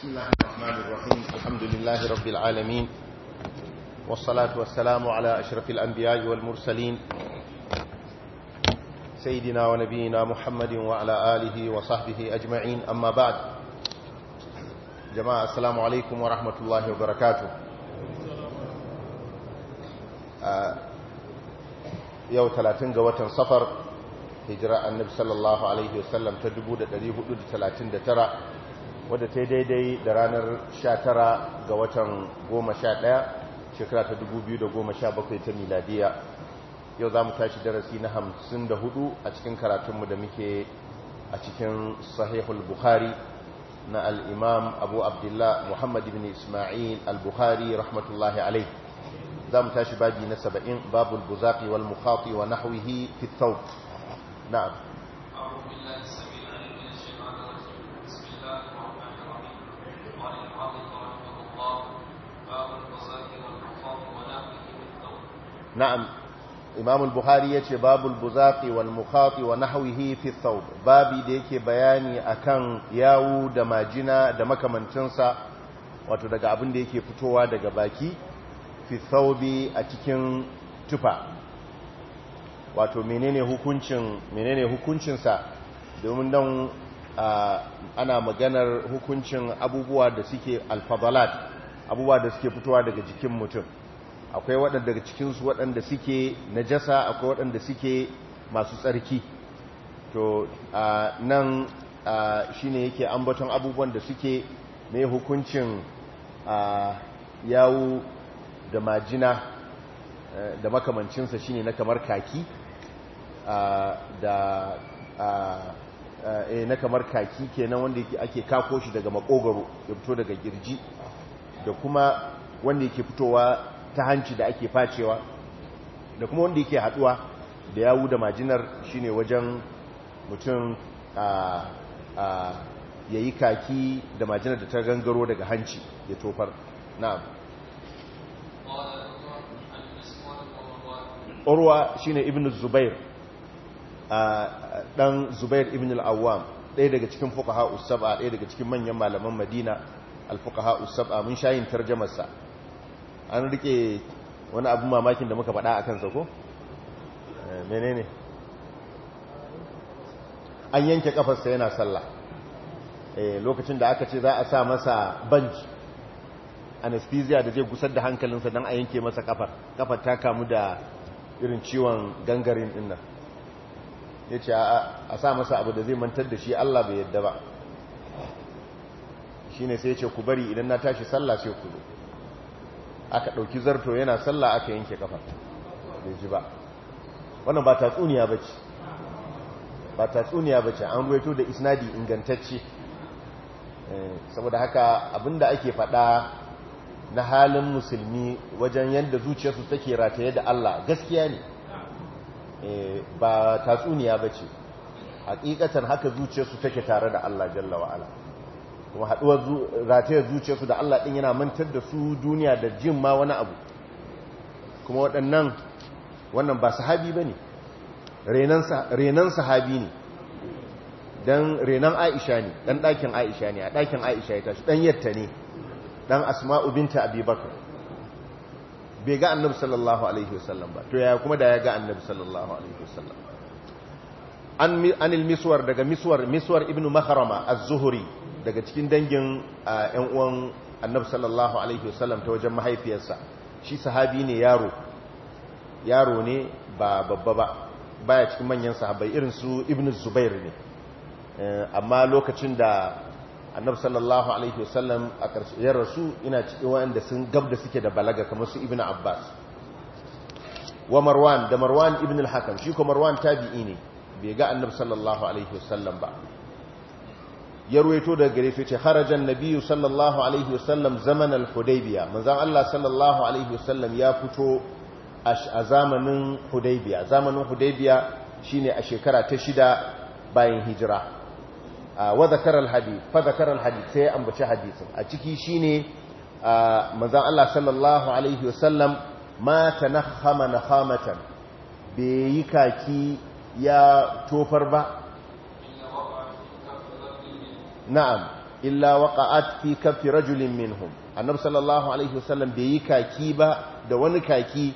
بسم الله الرحمن الرحيم الحمد لله رب العالمين والصلاة والسلام على أشرف الأنبياء والمرسلين سيدنا ونبينا محمد وعلى آله وصحبه أجمعين أما بعد جماعة السلام عليكم ورحمة الله وبركاته يو ثلاثين قوة صفر هجراء النبي صلى الله عليه وسلم تدبود الذي هدود ثلاثين دترى wadda ta daidai da ranar 19 ga watan 11 shekara ta 2017 ta miladiya yau za mu tashi darasi na 54 a cikin karatunmu da muke a cikin sahihul bukhari na al'imam abu abdullah muhammad ibn ismail al-bukhari rahmatullahi alai za mu tashi babi na 70 babul buzaki wal mukhafi wa nahwihi fi na'am na'am imam Buhari ya ce babul buzafi wal mukhati wa nahwihi fi thawb babi da yake bayani akan yawu da majina da makamancinsa wato daga abin da yake fitowa daga baki fi thawbi a cikin tufa wato menene hukuncin menene hukuncinsa domin dan ana maganar hukuncin abubuwa da suke alfadalat abubuwa da suke fitowa daga jikin mutum akwai waɗanda daga cikinsu waɗanda suke na jasa akwai waɗanda suke masu tsarki to a nan shi ne yake ambaton abubuwan da suke mai hukuncin yawo da majina eh, da makamancinsa shi ne na kamar kaki da eh, na kamar kaki kenan wanda ake kakoshi daga makogaro ya fito daga girji da kuma wanda yake fitowa ta hanci da ake facewa da kuma wanda yake haduwa da yawu da majinar shine wajen mutum ya yi kaki da majinar da ta gangaro daga hanci ya tofar na'am urwa shine ibn zubair dan zubair ibn al-awwam ɗaya daga cikin fuqaha us ɗaya daga cikin manyan malaman madina al-fuqaha us mun shayin tarjamarsa an rike wani abin mamakin da muka faɗa a kansa ko? Eh, menene an yanke kafarsa yana sallah eh, lokacin da aka ce za a sa masa banji anesthesia da zai gusar da hankalinsa don a yanke masa kafar kafar ta kamu da irin ciwon gangarin dinnan ya ce a sa masa abu da zai mantar da shi Allah bai yadda ba shi ne sai ya ce ku bari idan na tashi sallah sai ku zo aka ɗauki zarto yana sallah aka yanke kafa bai ji ba wannan ba tatsuniya ba ce ba tatsuniya ba ce an ruwaito da isnadi ingantacce eh, saboda haka abin da ake faɗa na halin musulmi wajen yadda zuciyarsu take rataye da Allah gaskiya ne eh, ba tatsuniya ba ce hakikatan haka zuciyarsu take tare da Allah jalla wa'ala kuma haduwar ratayar zuciyarsu da Allah ɗin yana mantar da su duniya da jin ma wani abu kuma waɗannan wannan ba sahabi ne renan sahabi ne don renan Aisha ne ɗan ɗakin Aisha ne a ɗakin Aisha ya tashi ɗan yadda ne ɗan Asma'u binta Abi bai ga annabi sallallahu alaihi wasallam ba to yaya kuma da ya ga annabi sallallahu alaihi wasallam an anil miswar daga miswar miswar ibnu mahrama az-zuhri daga cikin dangin yan uwan annabu sallallahu alaihi wasallam ta wajen mahaifiyarsa shi sahabi ne yaro yaro ne ba babba ba baya cikin manyan sahabai irin su ibn zubair ne eh, amma lokacin da annabu sallallahu alaihi wasallam a ƙarshen rasu ina cikin wanda sun gab da suke da balaga kamar su ibn abbas wa marwan da marwan ibn al-hakam shi ko marwan tabi'i ne bai ga annabi sallallahu alaihi wasallam ba ya ruwaito daga gare shi ce harajan Nabiyu sallallahu alaihi wasallam zaman al-hudaybiya manzon Allah sallallahu alaihi wasallam ya fito a zamanin hudaybiya zamanin hudaybiya shine a shekara ta shida bayan hijira wa zakara al-hadith fa zakara al-hadith sai ambaci hadisin a ciki shine manzon Allah sallallahu alaihi wasallam ma tanakhama nakhamatan bai yi kaki ya tofar ba na'am illa waqa'at fi kaffi rajulin minhum annab sallallahu alaihi wasallam bai yi kaki ba da wani kaki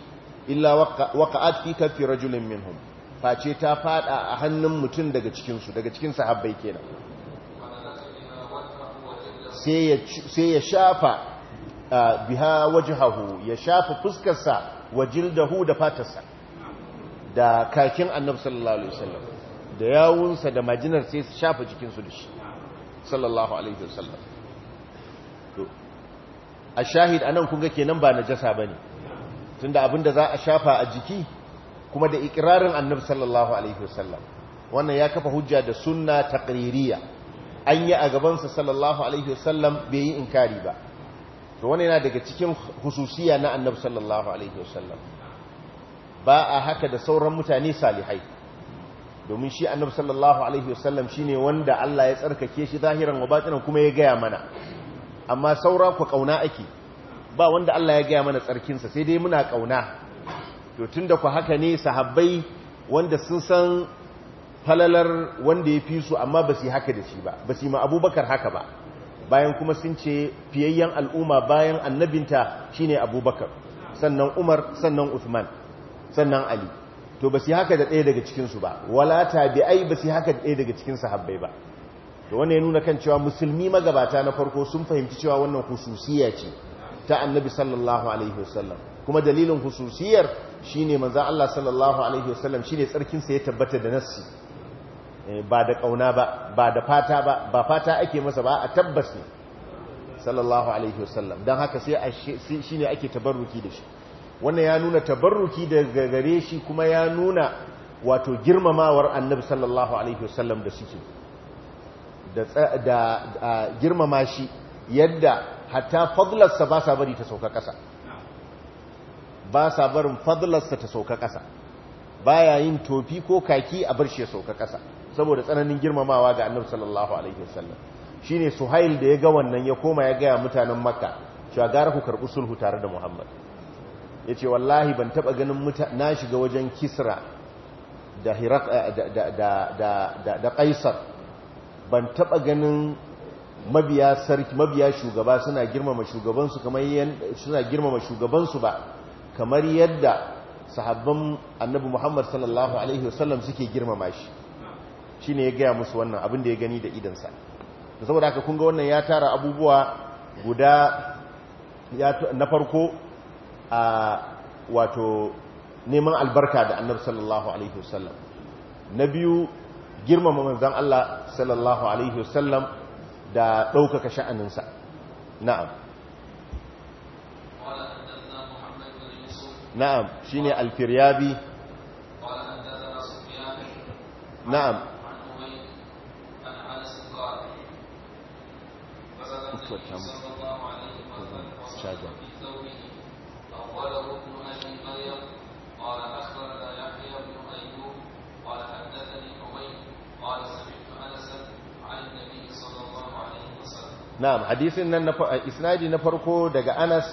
illa waqa'at fi kaffi rajulin minhum face ta fada a hannun mutum daga cikin su daga cikin sahabbai kenan sai ya shafa biha wajhahu ya shafa fuskarsa wajildahu da fatarsa da kakin annab sallallahu alaihi wasallam da yawunsa da majinar sai su shafa jikinsu da shi sallallahu alaihi wasallam to a shahid anan kun ga kenan ba najasa bane tunda abinda za a shafa a jiki kuma da ikirarin annabi sallallahu alaihi wasallam wannan ya kafa hujja da sunna taqririya an yi a gabansa sallallahu alaihi wasallam bai yi inkari ba to wannan yana daga cikin hususiya na annabi sallallahu alaihi wasallam ba a haka da sauran mutane salihai domin shi annabi sallallahu alaihi wasallam shine wanda Allah ya tsarkake shi zahiran wa batinan kuma ya gaya mana amma saura ku kauna ake ba wanda Allah ya gaya mana sa sai dai muna kauna to tunda ku haka ne sahabbai wanda sun san falalar wanda ya fi su amma ba su haka da shi ba ba su ma abubakar haka ba bayan kuma sun ce fiyayyen al'umma bayan annabinta shine abubakar sannan umar sannan uthman sannan ali to ba su haka da ɗaya daga cikinsu ba wala tabi'ai ba su haka da ɗaya daga cikin sahabbai ba to wannan ya nuna kan cewa musulmi magabata na farko sun fahimci cewa wannan hususiya ce ta annabi sallallahu alaihi wasallam kuma dalilin hususiyar shine manzo Allah sallallahu alaihi wasallam shine tsarkin sa ya tabbata da nassi eh, ba da kauna ba ba da fata ba ba fata ake masa ba a tabbas ne sallallahu alaihi wasallam dan haka sai shine ake tabarruki da shi wannan ya nuna tabarruki daga gare shi kuma ya nuna wato girmamawar annabi sallallahu alaihi wasallam da suke da girmama shi yadda hatta fadlarsa ba sa bari ta sauka kasa. ba sa barin fadlarsa ta sauka kasa baya yin tofi ko kaki a bar shi ya sauka kasa. saboda tsananin girmamawa ga annabi sallallahu alaihi wasallam shine suhail da ya ga wannan ya koma ya gaya mutanen makka cewa gara ku karɓi sulhu tare da muhammad ya ce wallahi ban taba ganin na shiga wajen kisra eh, da kaisar ban taba ganin mabiya sarki mabiya shugaba suna girmama shugabansu kamar suna girmama shugabansu ba kamar yadda sahabban annabi Muhammad sallallahu alaihi wasallam suke girmama shi shi ne ya gaya musu wannan abin da ya gani da idansa saboda haka kun wannan ya tara abubuwa guda na farko a wato neman albarka da annabi sallallahu alaihi wasallam na biyu girmama manzon Allah sallallahu alaihi wasallam da ɗaukaka sha'aninsa na'am na'am shi ne alfiryabi na'am Thank you. na'am hadisin nan na isnadi na farko daga Anas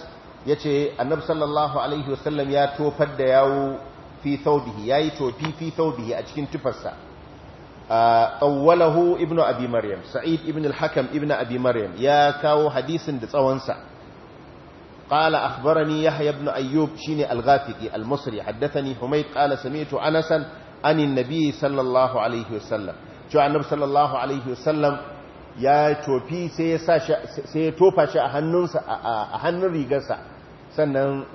yace Annabi sallallahu alaihi wasallam ya tofar da yawo fi thawbihi yayi tofi fi thawbihi a cikin tufarsa awwalahu ibnu abi maryam sa'id ibn al-hakam ibnu abi maryam ya kawo hadisin da tsawon sa qala akhbarani yahya ibn ayyub shine al-ghafiqi al-masri haddathani humayd qala sami'tu anasan anin nabiy sallallahu alaihi wasallam cewa annabi sallallahu alaihi wasallam ya tofi sai ya tofa shi a hannun rigarsa sannan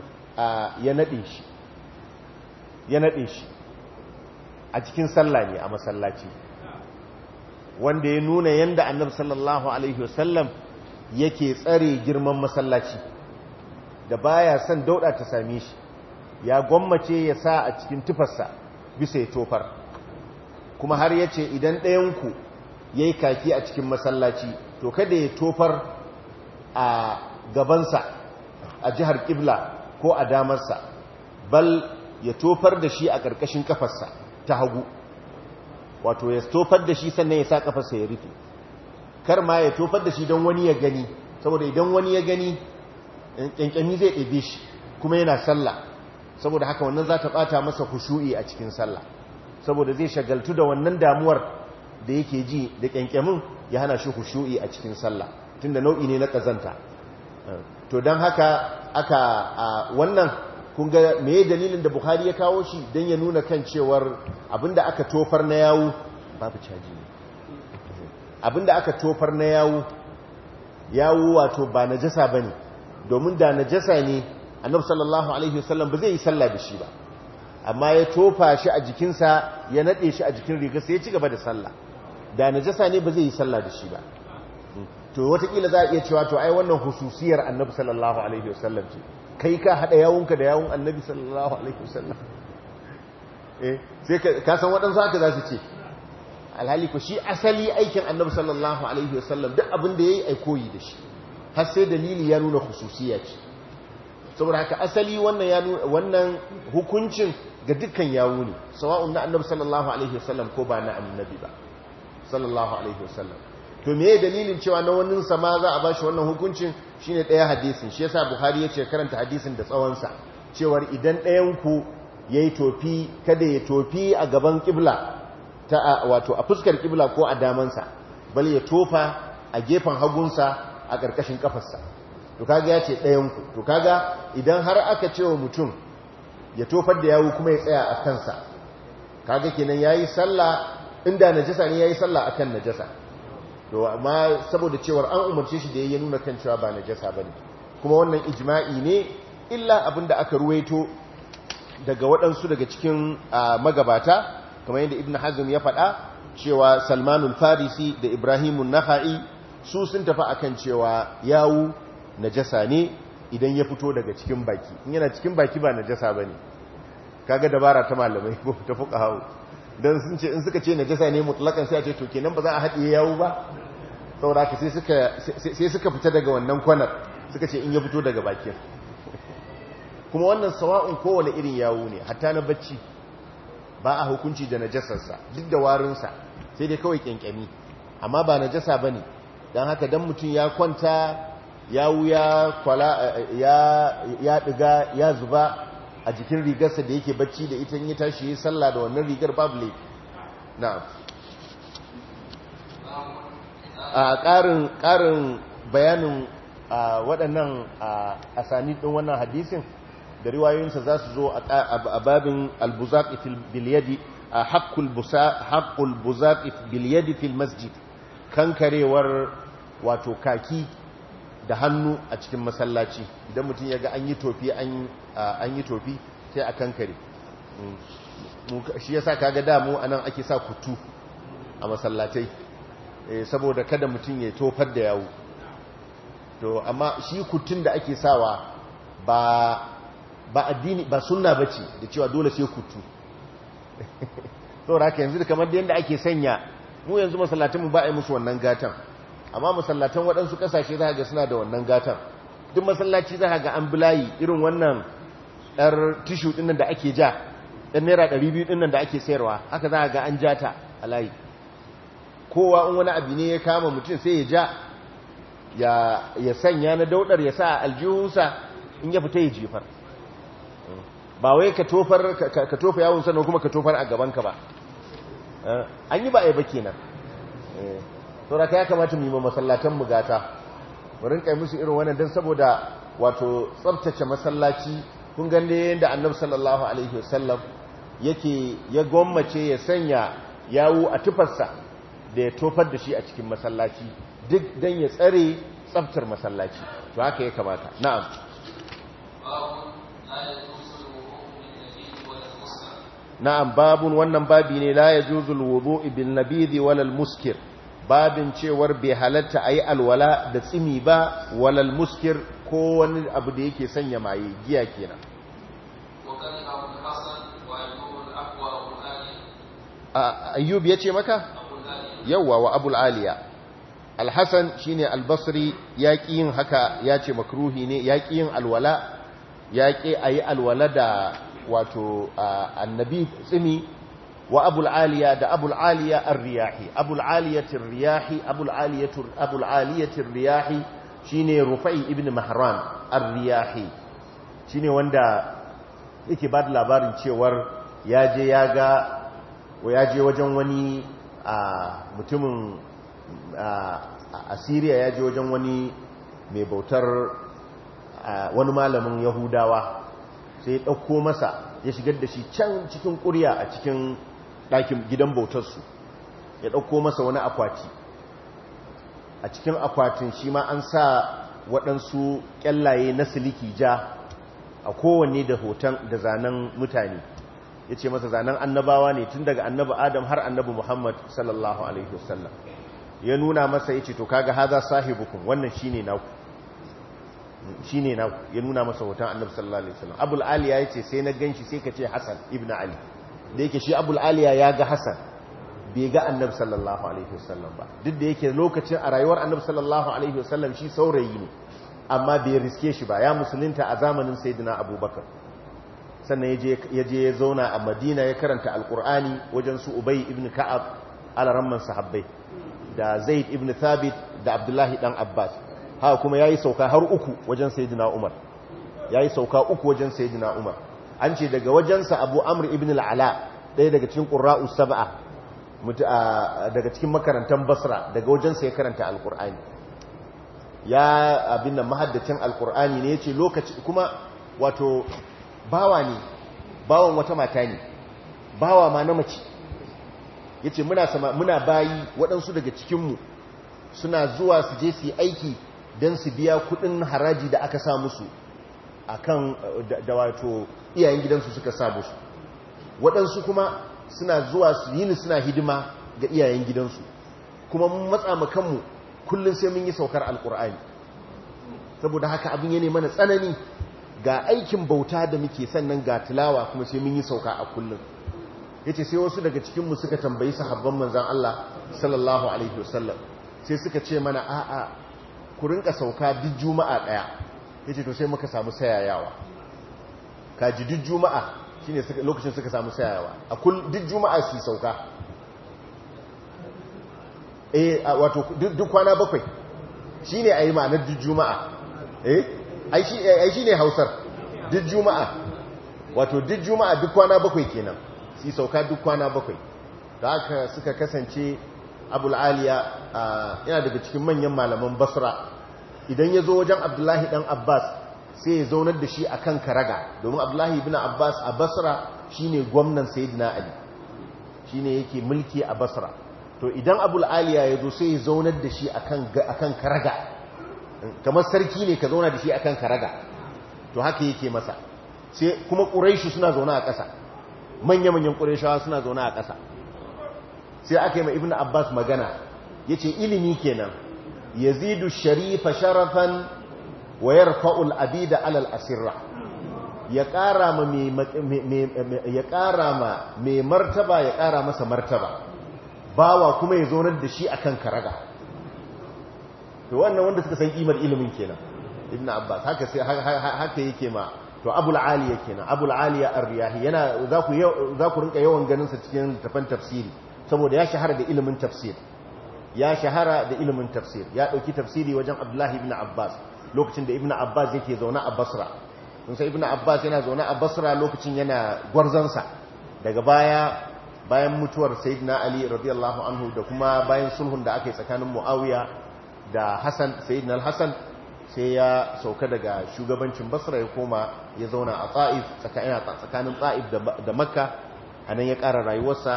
ya naɗe shi ya naɗe shi a cikin sallah ne a masallaci wanda ya nuna yadda annabi sallallahu alaihi wasallam yake tsare girman masallaci da baya son dauɗa ta same shi ya gwammace ya sa a cikin tufarsa bisa ya tofar kuma har ya ce idan ɗayanku ya yi kaki a cikin masallaci to kada ya tofar a gabansa a jihar kibla ko a damarsa bal ya tofar da shi a ƙarƙashin kafarsa ta hagu wato ya tofar da shi sannan ya sa kafarsa ya rufe kar ma ya tofar da shi don wani ya gani saboda idan wani ya gani ƙyanƙyami zai ɗebe shi kuma yana sallah saboda haka wannan za ta ɓata masa hushu'i a cikin sallah saboda zai shagaltu da wannan damuwar da yake ji da kyankyamin ya hana shi hushu'i a cikin sallah da nau'i ne na ƙazanta. to don haka aka wannan kunga ga dalilin da buhari ya kawo shi don ya nuna kan cewar abinda aka tofar na yawo babu caji ne abinda aka tofar na yawo yawo wato ba na jasa ba ne. domin da na jasa ne annabi sallallahu alaihi wasallam ba zai yi sallah da shi ba amma ya tofa shi a jikinsa ya naɗe shi a jikin rigarsa ya ci gaba da sallah da najasa ne ba zai yi sallah da shi ba to watakila za a iya cewa to ai wannan hususiyar annabi sallallahu alaihi wasallam ce kai ka hada yawunka da yawun annabi sallallahu alaihi wasallam eh sai ka san waɗansu haka za su ce alhali ko shi asali aikin annabi sallallahu alaihi wasallam duk abin da yayi ai koyi da shi har sai dalili ya nuna hususiyar shi saboda haka asali wannan ya nuna wannan hukuncin ga dukkan yawo ne sawa'un na annabi sallallahu alaihi wasallam ko ba na annabi ba sallallahu alaihi wasallam to me dalilin cewa na wannan sama za a bashi wannan hukuncin shine daya hadisin shi yasa bukhari ce karanta hadisin da tsawon sa cewar idan dayan ku yayi tofi kada ya tofi a gaban kibla ta wato a fuskar kibla ko a daman sa bal ya tofa a gefen hagun sa a karkashin kafarsa to kaga yace dayan ku to kaga idan har aka cewa mutum ya tofar da yawo kuma ya tsaya a kansa kaga kenan yayi sallah inda najasa ne yayi sallah akan najasa to amma saboda cewar an umarce shi da yayi nuna kan cewa ba najasa bane kuma wannan ijma'i ne illa abinda aka ruwaito daga wadansu daga cikin magabata kamar yadda ibnu hazm ya faɗa cewa salmanul farisi da ibrahimun naha'i su sun tafi akan cewa yawu najasa ne idan ya fito daga cikin baki in yana cikin baki ba najasa bane kaga dabara ta malamai ko ta fuqaha don sun ce in suka ce najasa ne mutlakan sai a ce to nan ba za a haɗe yawo ba sauraka sai suka fita daga wannan kwanar suka ce in ya fito daga bakin kuma wannan sawa'un kowane irin yawu ne hatta na bacci ba a hukunci da najasarsa duk da warinsa sai dai kawai kyankyami amma ba najasa ba ne don haka don mutum ya kwanta yawu ya kwala ya ɗiga ya zuba a jikin rigarsa da yake bacci da ita ya tashi yi sallah da wannan rigar babu laifi na a ƙarin bayanin waɗannan asani ɗin wannan hadisin da riwayoyinsa za su zo a babin albuzaq bil a haqqul busa haqqul buzaq masjid kankarewar wato kaki da hannu a cikin masallaci idan mutum ya ga an yi tofi an yi tofi sai a kankare shi ya yasa kaga damu anan ake sa kutu a masallatai eh, saboda kada mutum ya tofar da yawu to amma shi kutun da ake sawa ba ba addini ba sunna bace da cewa dole sai kutu saboda haka yanzu kamar da yanda ake sanya mu yanzu mu ba a yi musu wannan gatan amma masallatan waɗansu ƙasashe za ga suna da wannan gatan duk masallaci za ga an bulayi irin wannan ɗar tishu ɗinnan da ake ja ɗan naira ɗari biyu ɗinnan da ake sayarwa haka za ga an ja ta a layi kowa in wani abu ne ya kama mutum sai ya ja ya sanya na daudar ya sa aljihunsa in ya fita ya jefar ba wai ka tofa yawon sannan kuma ka tofar a gabanka ba eh, an yi ba a yi ba kenan eh. sauraka ya kamata mu yi masallatan mu gata murin kai musu irin wannan dan saboda wato tsaftace masallaci kun ne yanda annabi sallallahu alaihi wasallam yake ya gommace ya sanya yawo a tufarsa da ya tofar da shi a cikin masallaci duk dan ya tsare tsaftar masallaci to haka ya kamata na'am na'am babun wannan babi ne la yajuzu alwudu bil nabidhi wal muskir babin cewar bai halatta a yi alwala da tsimi ba walal muskir ko wani abu da yake sanya maye giya kenan ayyub ya ce maka yauwa wa abul aliya alhassan shine albasri ya ƙi yin haka ya ce makruhi ne ya yin alwala ya ƙi a yi alwala da wato annabi tsimi wa abul aliya da abul aliya ar-riyahi abul aliyatir riyahi abul aliyatur abul aliyatir riyahi shine rufai ibn mahran ar-riyahi shine wanda yake ba da labarin cewar yaje yaga ya ga wajen wani mutumin a yaje ya wajen wani mai bautar wani malamin Yahudawa sai ya ɗauko masa ya shigar da shi can cikin ƙuriya a cikin ɗakin gidan bautarsu ya ɗauko masa wani akwati a cikin akwatin shi ma an sa waɗansu ƙyallaye na siliki ja a kowanne da hoton da zanen mutane ya ce masa zanen annabawa ne tun daga annabi adam har annabi muhammad sallallahu alaihi wasallam ya nuna masa ya ce to kaga haza sahibukun wannan shi ne naku shi ne naku ya nuna masa hoton annabi sallallahu alaihi wasallam abul ali ya ce sai na ganshi sai ka ce hasan ibn ali da yake shi abul aliya ya ga hasan bai ga annabi sallallahu alaihi wasallam ba duk da yake lokacin a rayuwar annabi sallallahu alaihi wasallam shi saurayi ne amma bai riske shi ba ya musulunta a zamanin sayyidina abubakar sannan ya je ya zauna a madina ya karanta alkur'ani wajen su ubai ibn ka'ab alaramman sahabbai da zaid ibn thabit da abdullahi dan abbas ha kuma ya yi sauka har uku wajen sayyidina umar yayi sauka uku wajen sayyidina umar an ce daga wajensa abu amur ibn al'ala ɗaya daga cikin ƙura'u saba'a daga cikin makarantar basra daga wajensa ya karanta alƙur'ani ya abin nan mahaddacin alƙur'ani ne ya ce lokaci kuma wato bawa ne bawan wata mata ne bawa ma na mace ya ce muna bayi waɗansu daga cikinmu suna zuwa su je su yi aiki don su biya kuɗin haraji da aka sa musu akan eh, da wato iyayen gidansu suka sabo su waɗansu kuma suna zuwa su yini suna hidima ga iyayen gidansu kuma mun matsa ma kanmu kullum sai mun yi saukar alkur'ani saboda haka abin ya mana tsanani ga aikin bauta da muke sannan ga tilawa kuma sai mun yi sauka a kullum Ya ce sai wasu daga cikinmu suka tambayi sahabban manzan Allah sallallahu alaihi wasallam sai suka ce mana a'a ku rinka sauka duk juma'a ɗaya. ya ce to sai muka samu sayayawa kaji duk juma'a shi ne lokacin suka samu sayayawa a duk juma'a su sauka eh wato duk kwana bakwai shi ne a yi ma'anar duk juma'a eh ai shi eh, ne hausar duk juma'a wato duk juma'a duk kwana bakwai kenan su sauka duk kwana bakwai da aka suka kasance abul'aliya yana daga cikin manyan malaman basra idan ya zo wajen abdullahi ɗan abbas sai ya zaunar da shi a kan karaga domin abdullahi bin abbas a basra shine gwamnan sayyidina ali shine yake mulki a basra to idan Abul'Aliya ya zo sai ya zaunar da shi a kan karaga kamar sarki ne ka zauna da shi a kan karaga to haka yake masa sai kuma ƙuraishi suna zaune a ƙasa manya-manyan ƙuraishawa suna zaune a ƙasa sai aka yi ma ibn abbas magana ya ce ilimi kenan yazidu sharifa sharafan wa yarfa'ul abida alal asirra ya ƙara ma ya ƙara ma mai martaba ya ƙara masa martaba bawa kuma ya zaunar da shi akan karaga to wannan wanda suka san kimar ilimin kenan ibnu abbas haka sai haka yake ma to abul aliya kenan abul aliya ar-riyahi yana za ku za ku rinka yawan ganin sa cikin tafan tafsiri saboda ya shahara da ilimin tafsiri ya shahara da ilimin tafsir ya dauki tafsiri wajen Abdullahi ibn Abbas lokacin da ibn Abbas yake zauna a Basra kun sai ibn Abbas yana zauna a Basra lokacin yana gwarzansa daga baya bayan mutuwar sayyidina Ali radiyallahu anhu da kuma bayan sulhun da aka yi tsakanin Muawiya da hasan sayyidina al-Hassan sai ya sauka daga shugabancin Basra ya koma ya zauna a Taif tsakanin Taif da Makka anan ya ƙara rayuwarsa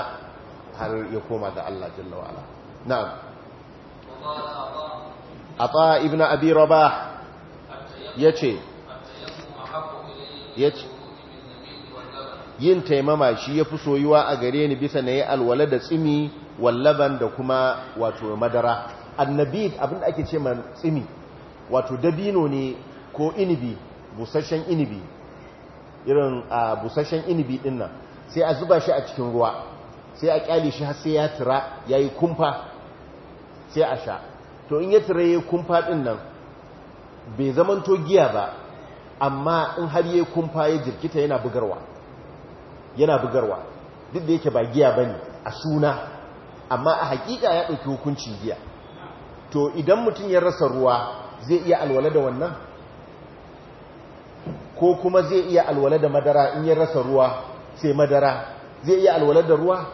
har ya koma ga Allah jalla wa ala na'am عطاء ابن أبي رباح yace يتي yin taimama shi yafi soyuwa a gare ni bisa yi alwala da tsimi wallaban da kuma wato madara annabi abinda ake ce man tsimi wato dabino ne ko inibi busasshen inibi irin a busasshen inibi dinnan sai a zuba shi a cikin ruwa sai a kyale shi har sai ya tira yayi kumfa sai a sha to in ya tiraye kumfa ɗin nan bai zamanto giya ba amma in har yi kumfa ya jirkita yana bugarwa yana bugarwa duk da yake ba giya ba ne a suna amma a hakika ya ɗauki hukunci giya to idan mutum ya rasa ruwa zai iya alwala da wannan ko kuma zai iya alwala da madara in ya rasa ruwa sai madara zai iya alwala da ruwa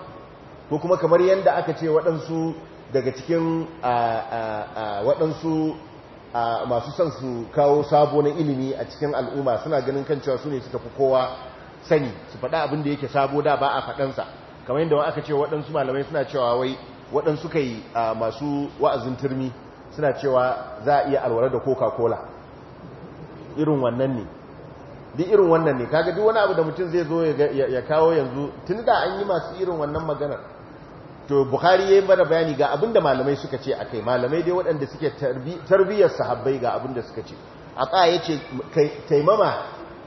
ko kuma kamar yadda aka ce waɗansu daga cikin waɗansu masu son su kawo sabo na ilimi a cikin al'umma suna ganin kan cewa su ne suka fi kowa sani su faɗa abin da yake sabo da ba a faɗansa kamar yadda aka ce waɗansu malamai suna cewa wai waɗansu kai masu wa'azin turmi suna cewa za a iya alwara da coca-cola irin wannan ne duk irin wannan ne kaga duk wani abu da mutum zai zo ya kawo yanzu tun da an yi masu irin wannan maganar to bukhari yayi bada bayani ga abinda malamai suka ce a kai, malamai dai waɗanda suke tarbiyyar sahabbai ga abinda suka ce a ya ce taimama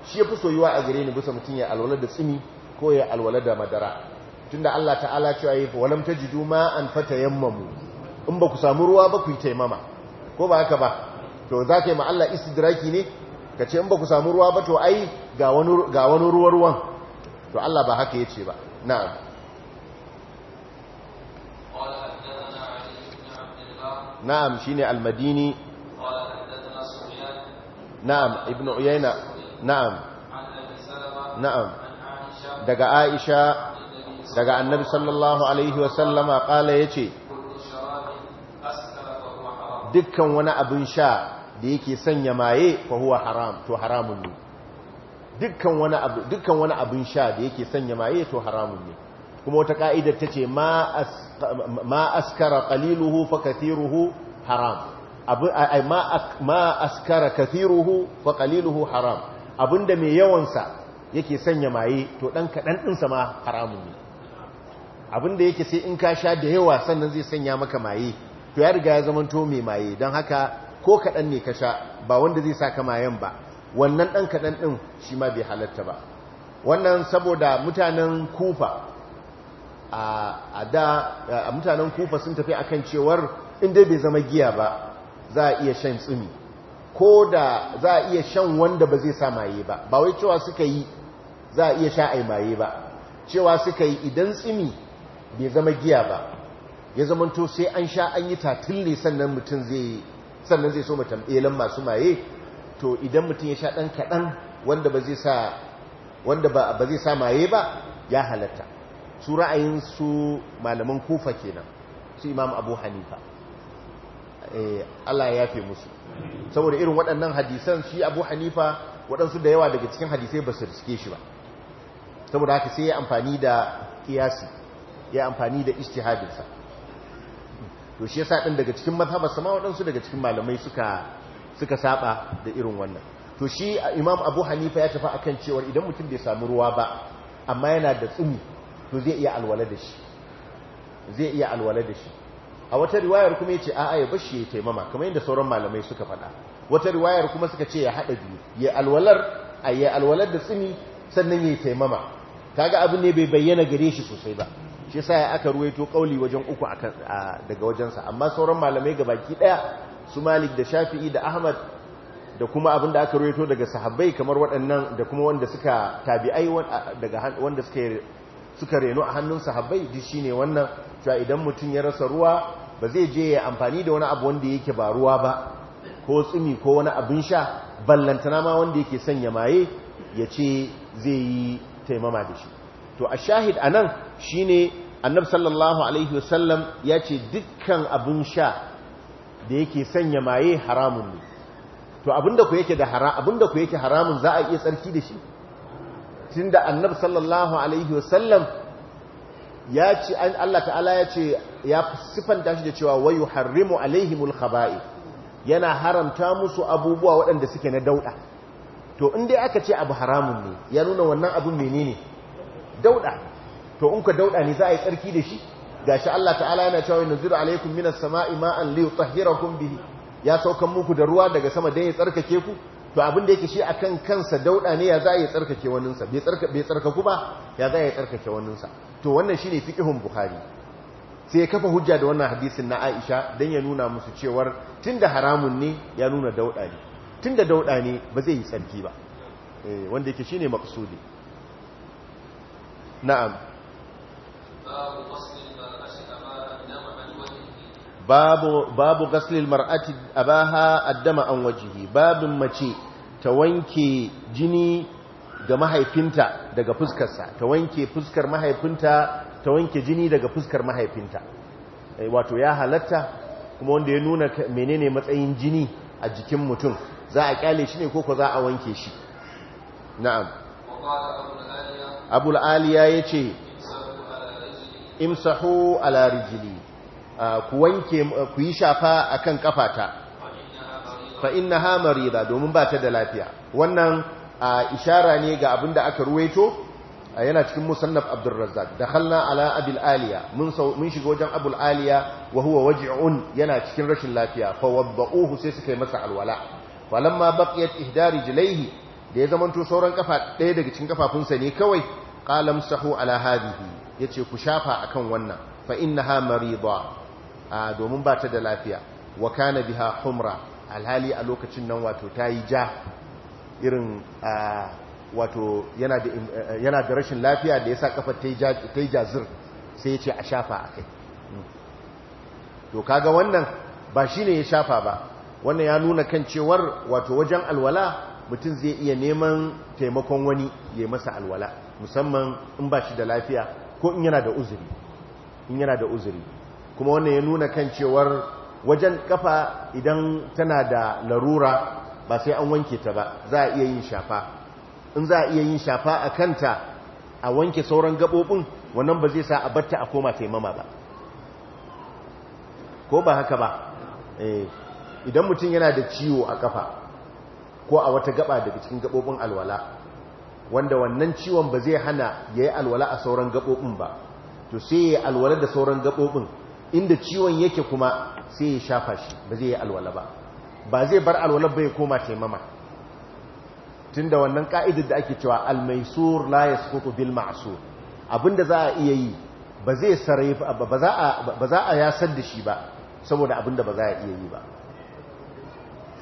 shi ya fi soyuwa a gare ni bisa mutum ya alwala da tsimi ko ya alwala da madara tunda Allah ta'ala cewa fi walamta tajidu ma an fatayammamu in ba ku samu ruwa ba ku yi taimama ko ba haka ba to ka yi ma Allah istidraki ne ka ce in ba ku samu ruwa ba to ai ga wani ruwan ruwa ruwan to Allah ba haka ya ce ba na'am na'am shine al-madini na'am ibnu uyayna na'am na'am daga aisha daga annabi sallallahu alaihi wasallama kala yace dukkan wani abin sha da yake sanya maye fa huwa haram to haramun ne dukkan wani abin sha da sanya maye to haramun ne kuma wata ka'idar ta ce ma askara kaliluhu fa kathiruhu haram ma askara kathiruhu fa kaliluhu haram abinda mai yawansa yake sanya maye to dan kadan dinsa ma haramun ne abinda yake sai in ka sha da yawa sannan zai sanya maka maye to ya riga ya zama zamanto mai maye don haka ko kaɗan ne ka sha ba wanda zai sa mayen ba wannan ɗan kaɗan ɗin shi ma bai halatta ba wannan saboda mutanen kufa a da a mutanen kufa sun tafi a kan cewar inda bai zama giya ba za a iya shan tsumi ko da za a iya shan wanda ba zai sa maye ba ba wai cewa suka yi za a iya sha a maye ba cewa suka yi idan tsumi bai zama giya ba ya zama to sai an sha an yi tatille sannan mutum zai sannan zai so mutum elan masu maye to idan mutum ya sha ɗan kaɗan wanda ba zai sa maye ba ya halatta su ra'ayinsu malaman kufa kenan su imam abu hanifa eh, Allah ya yafe musu saboda irin waɗannan hadisan shi abu hanifa waɗansu da yawa daga cikin hadisai ba su riske shi ba saboda haka sai ya amfani da kiyasi ya amfani da istihadinsa to shi sa ɗin daga cikin mazhabarsa ma waɗansu daga cikin malamai suka suka saba da irin wannan to shi imam abu hanifa ya tafi akan cewar idan mutum bai samu ruwa ba amma yana da tsumi to zai iya alwala da shi zai iya alwala da shi a wata riwayar kuma ya ce a ya bashi ya taimama kamar yadda sauran malamai suka faɗa wata riwayar kuma suka ce ya haɗa biyu ya alwalar a ya alwalar da tsini sannan ya taimama ga abin ne bai bayyana gare shi sosai ba shi sa yasa aka ruwaito kauli wajen uku daga wajensa amma sauran malamai baki ɗaya su Malik da Shafi'i da Ahmad da kuma abin da aka ruwaito daga sahabbai kamar waɗannan da kuma wanda suka tabi'ai daga wanda suka suka reno a hannun sahabbai duk shine wannan cewa idan mutum ya rasa ruwa ba zai je ya amfani da wani abu wanda yake ba ruwa ba ko tsumi ko wani abin sha ballantana ma wanda yake sanya maye ya ce zai yi taimama da shi to a shahid a nan shi ne annab sallallahu alaihi wasallam ya ce dukkan abin sha da yake sanya maye haramun ne to abinda ku yake da haramun za a iya tsarki da shi tunda annabi sallallahu alaihi wasallam ya ce Allah ta'ala ya ce ya sifanta shi da cewa wayu harrimu alaihimul khaba'i yana haramta musu abubuwa waɗanda suke na dauda. to in dai aka ce abu haramun ne ya nuna wannan abun menene Dauda. to in ka Dauda ne za a yi tsarki da shi gashi Allah ta'ala yana cewa yunziru alaikum minas sama'i ma'an li yutahhirakum bihi ya saukan muku da ruwa daga sama dan ya tsarkake ku to abin da yake shi a kan kansa dauda ne ya za a yi tsarkake waninsa bai tsarkaku ba ya za a yi tsarkake waninsa to wannan shi ne fiƙihun Buhari. sai ya kafa hujja da wannan hadisin na Aisha don ya nuna musu cewar tun da haramun ne ya nuna dauda ne da dauda ne ba zai yi tsarki ba eh, wanda yake ne maqsudi na'am babu babu ghaslil mar'ati abaha addama an wajihi babin mace ta wanke jini ga mahaifinta daga fuskarsa ta wanke fuskar mahaifinta ta wanke jini daga fuskar mahaifinta eh, wato ya halatta kuma wanda ya nuna menene matsayin jini a jikin mutum za a kyale shi ne koko za a wanke shi na'am abu al'aliya ya ce imsahu ala rijili ah, ku yi shafa a kan kafata fa innaha da domin ba ta da lafiya wannan ishara ne ga abin da aka ruwaito yana cikin musannaf da Da ala abil aliya mun mun shiga wajen abul aliya wa huwa waj'un yana cikin rashin lafiya fa wadda'uhu sai suka yi masa alwala falamma baqiyat ihdari jilaihi da ya zamanto sauran kafa ɗaya daga cikin kafafunsa ne kawai qalam sahu ala hadhihi yace ku shafa akan wannan fa innaha marida domin ba ta da lafiya wa kana biha humra alhali a lokacin nan wato ta yi ja irin wato yana da rashin lafiya da ya sa kafar ta yi jazir sai ya ce a shafa a kai to kaga wannan ba shi ne ya shafa ba wannan ya nuna kan cewar wato wajen alwala mutum zai iya neman taimakon wani ya masa alwala musamman in ba shi da lafiya ko in yana da uzuri kuma wannan ya nuna kan cewar wajen kafa idan tana da larura ba sai an wanke ta ba za a iya yin shafa in za a iya yin shafa a kanta a wanke sauran gabobin wannan ba zai sa a batta a koma taimama ba ko ba haka ba eh, idan mutum yana da ciwo a kafa ko a wata gaba daga cikin gabobin alwala wanda wannan ciwon ba zai hana ya yi alwala a sauran gabobin ba to sai ya yi alwala da sauran gabobin inda ciwon yake kuma sai ya shafa shi ba zai yi alwala ba ba zai bar alwala ba ya koma taimama tunda wannan ka'idar da ake cewa almaisur la sukutu bil ma'sur abinda za a iya yi ba zai sarai ba za a yasar da shi ba saboda abinda ba za a iya yi ba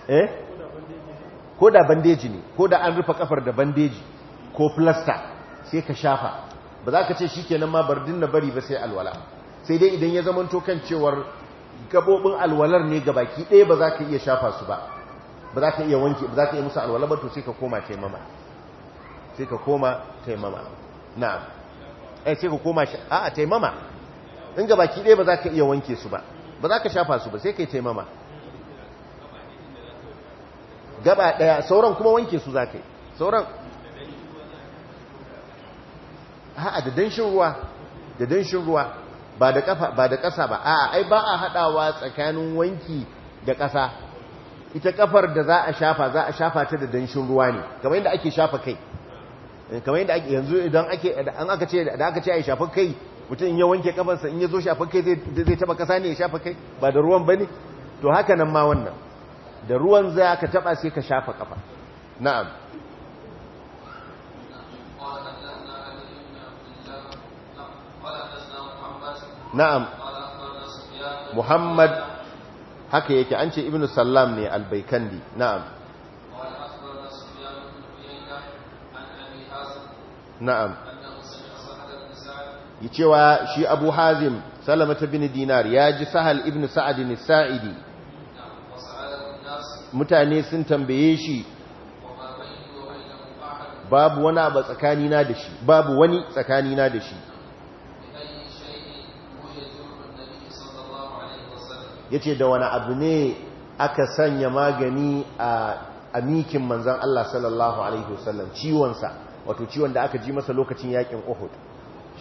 eh ko da bandeji ne ko da an rufe kafar da bandeji ko plaster sai ka shafa ba za ka ce shi kenan ma bardin na bari ba sai alwala sai dai idan ya zamanto kan cewar gabobin alwalar ne ga baki ɗaya ba za ka iya shafa su ba ba za ka iya wanke ba za ka iya musu alwalar ba to sai ka koma taimama sai ka koma taimama na eh sai ka koma a a taimama in ga baki ɗaya ba za ka iya wanke su ba ba za ka shafa su ba sai ka yi taimama gaba ɗaya sauran kuma wanke su za ka yi sauran ha'a da danshin ruwa da danshin ruwa ba da ba da ƙasa ba a'a ai ba a haɗawa tsakanin wanki da ƙasa ita ƙafar da za a shafa za a shafa ta da danshin ruwa ne kamar yadda ake shafa kai eh, kamar yadda ake yanzu idan ake an aka ce da aka ce ai shafa kai mutum ya wanke ƙafarsa in ya zo shafa kai zai taba ƙasa ne ya shafa kai ba da ruwan ba ne to haka nan ma wannan da ruwan za ka taba sai ka shafa ƙafa na'am na'am muhammad haka yake an ce ibnu sallam ne albaikandi na'am na'am yi cewa shi abu hazim salamata bin dinar ya ji sahal ibn sa'ad bin sa'idi mutane sun tambaye shi babu wani abu tsakanina da shi babu wani tsakanina da shi yace da wani abu ne aka sanya magani a amikin manzan Allah sallallahu alaihi wasallam ciwonsa wato ciwon da aka ji masa lokacin yakin Uhud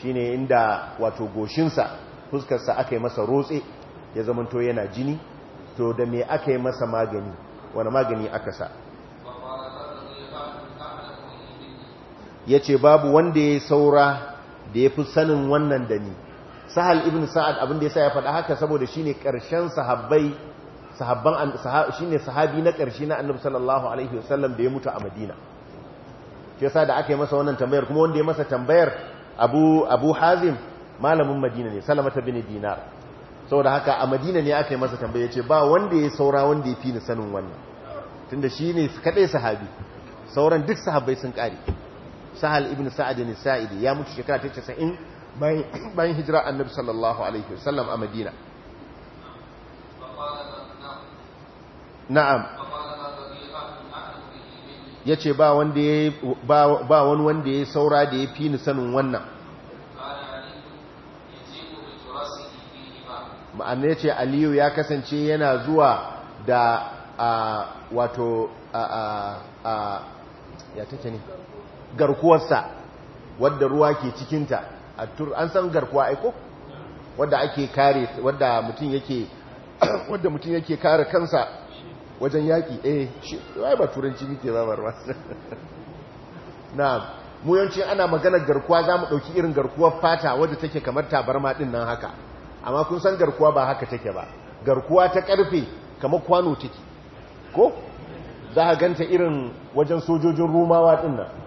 ne inda wato goshinsa fuskarsa aka yi masa rotse ya zamanto yana jini to da me aka yi masa magani wani magani aka sa Ya ce babu wanda ya saura da ya fi sanin wannan da ni sahal ibn sa'ad abin da sa ya faɗa haka saboda shine karshen sahabbai sahabban shine sahabi na ƙarshe na annabi sallallahu alaihi wasallam da ya mutu a madina shi yasa da aka yi masa wannan tambayar kuma wanda ya masa tambayar abu abu hazim malamin madina ne salamata bin dinar saboda haka a madina ne aka yi masa tambaya ce ba wanda ya saura wanda ya fi ni sanin wannan tunda shi ne kaɗai sahabi sauran duk sahabbai sun kare. sahal ibn sa'ad ne sa'idi ya mutu shekara ta 90 bayan hijira annabi sallallahu alaihi wasallam a madina na'am ya ce ba wani wanda ya saura da ya fi ni sanin wannan ma'ana ya ce aliyu ya kasance yana zuwa da wato ya take ne garkuwarsa wadda ruwa ke cikinta attur an san garkuwa aiko wadda ake kare wanda mutum yake wanda mutum yake kare kansa wajen yaki eh shi wai ba turanci nake ba barwa na'am mu yawanci ana maganar garkuwa zamu dauki irin garkuwar fata wadda take kamar tabarma din nan haka amma kun san garkuwa ba haka take ba garkuwa ta karfe kamar kwano take ko za a ganta irin wajen sojojin rumawa din nan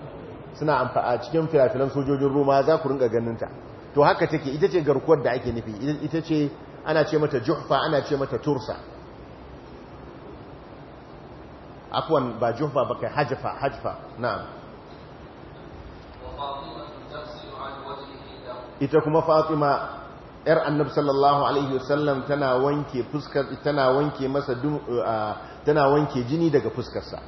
suna amfa a cikin filafilan sojojin roma za ku ringa ganinta to haka take ita ce garkuwar da ake nufi ita ce ana ce mata juhfa ana ce mata tursa afwan ba juhfa ba kai hajfa hajfa na'am ita kuma fatima yar annab sallallahu alaihi wasallam tana wanke fuskar tana wanke masa tana wanke jini daga fuskarsa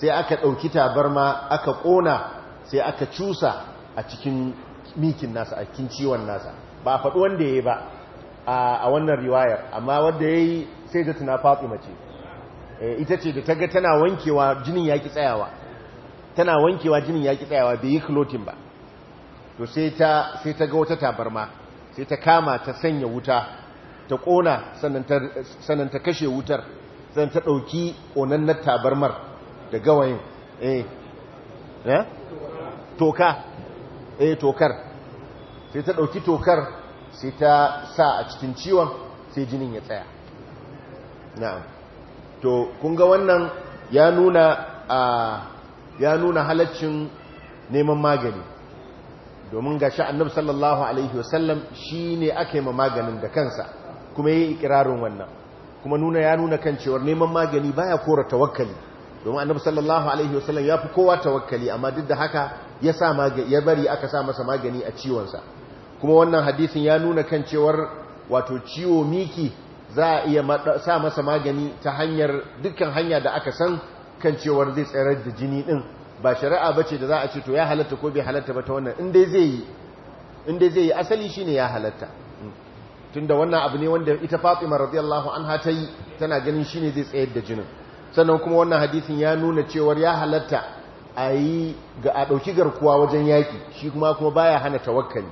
sai aka ɗauki tabarma aka ƙona sai aka cusa a cikin mikin nasa a cikin ciwon nasa ba a faɗi wanda ya yi ba a wannan riwayar amma wanda ya yi sai da tuna faɗi mace eh, ita ce da ta ga tana wankewa jinin ya ki tsayawa tana wankewa jinin ya ki tsayawa bai yi klotin ba to sai ta ga wata tabarma sai ta kama ta sanya wuta ta ƙona sannan ta kashe wutar sannan ta ɗauki ƙonannar tabarmar da gawayin eh, eh toka eh tokar sai ta ɗauki tokar sai ta sa a cikin ciwon sai jinin ya tsaya na'am to kun ga wannan ya nuna a ya nuna halaccin neman magani domin ga sha'annab sallallahu alaihi wasallam shi ne aka yi ma maganin da kansa kuma ya yi ikirarin wannan kuma nuna ya nuna kan cewar neman magani baya kora tawakkali domin annabi sallallahu alaihi wasallam ya fi kowa tawakkali amma duk da haka ya sa ya bari aka sa masa magani a ciwon sa kuma wannan hadisin ya nuna kan cewar wato ciwo miki za a iya sa masa magani ta hanyar dukkan hanya da aka san kan cewar zai tsayar da jini din ba shari'a bace da za a ce to ya halatta ko bai halatta ba ta wannan in dai zai yi in dai zai yi asali shine ya halatta tunda wannan abu ne wanda ita Fatima radiyallahu anha ta yi tana ganin shine zai tsayar da jinin sannan kuma wannan hadisin ya nuna cewar ya halatta a yi ga a ɗauki garkuwa wajen yaƙi shi kuma kuma baya hana tawakkali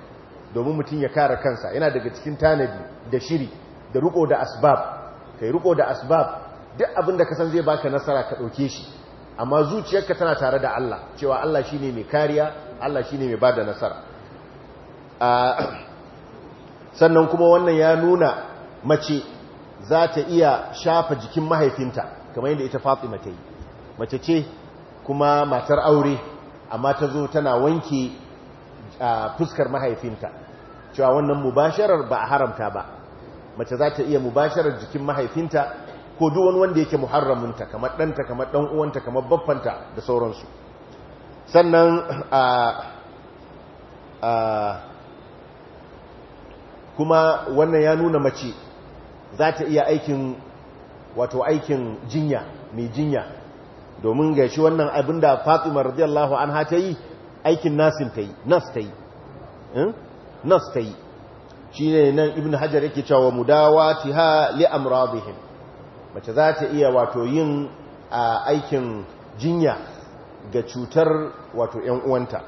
domin mutum ya kara kansa yana daga cikin tanadi da shiri da riko da asbab kai riko da asbab duk abin da ka san zai baka nasara ka ɗauke shi amma zuciyarka tana tare da Allah cewa Allah shine mai kariya Allah shine mai bada nasara sannan kuma wannan ya nuna mace za ta iya shafa jikin mahaifinta kamar yadda ita fatima ta yi mace ce kuma matar aure amma ta zo tana wanke a fuskar mahaifinta cewa wannan mubasharar ba a haramta ba mace za ta iya mubasharar jikin mahaifinta ko duwan wanda yake muharramunta kamar ɗanta kamar ɗan'uwanta uwanta kamar baffanta da sauransu sannan a kuma wannan ya nuna mace za ta iya aikin wato aikin jinya mai jinya domin ga shi wannan abin da fatima radiyallahu an hata yi aikin nasin ta yi nas ta yi hmm? nas ta yi shi ne nan ibn hajar yake cewa mudawa ti ha bihin mace za ta iya wato yin aikin jinya ga cutar wato ‘yan uwanta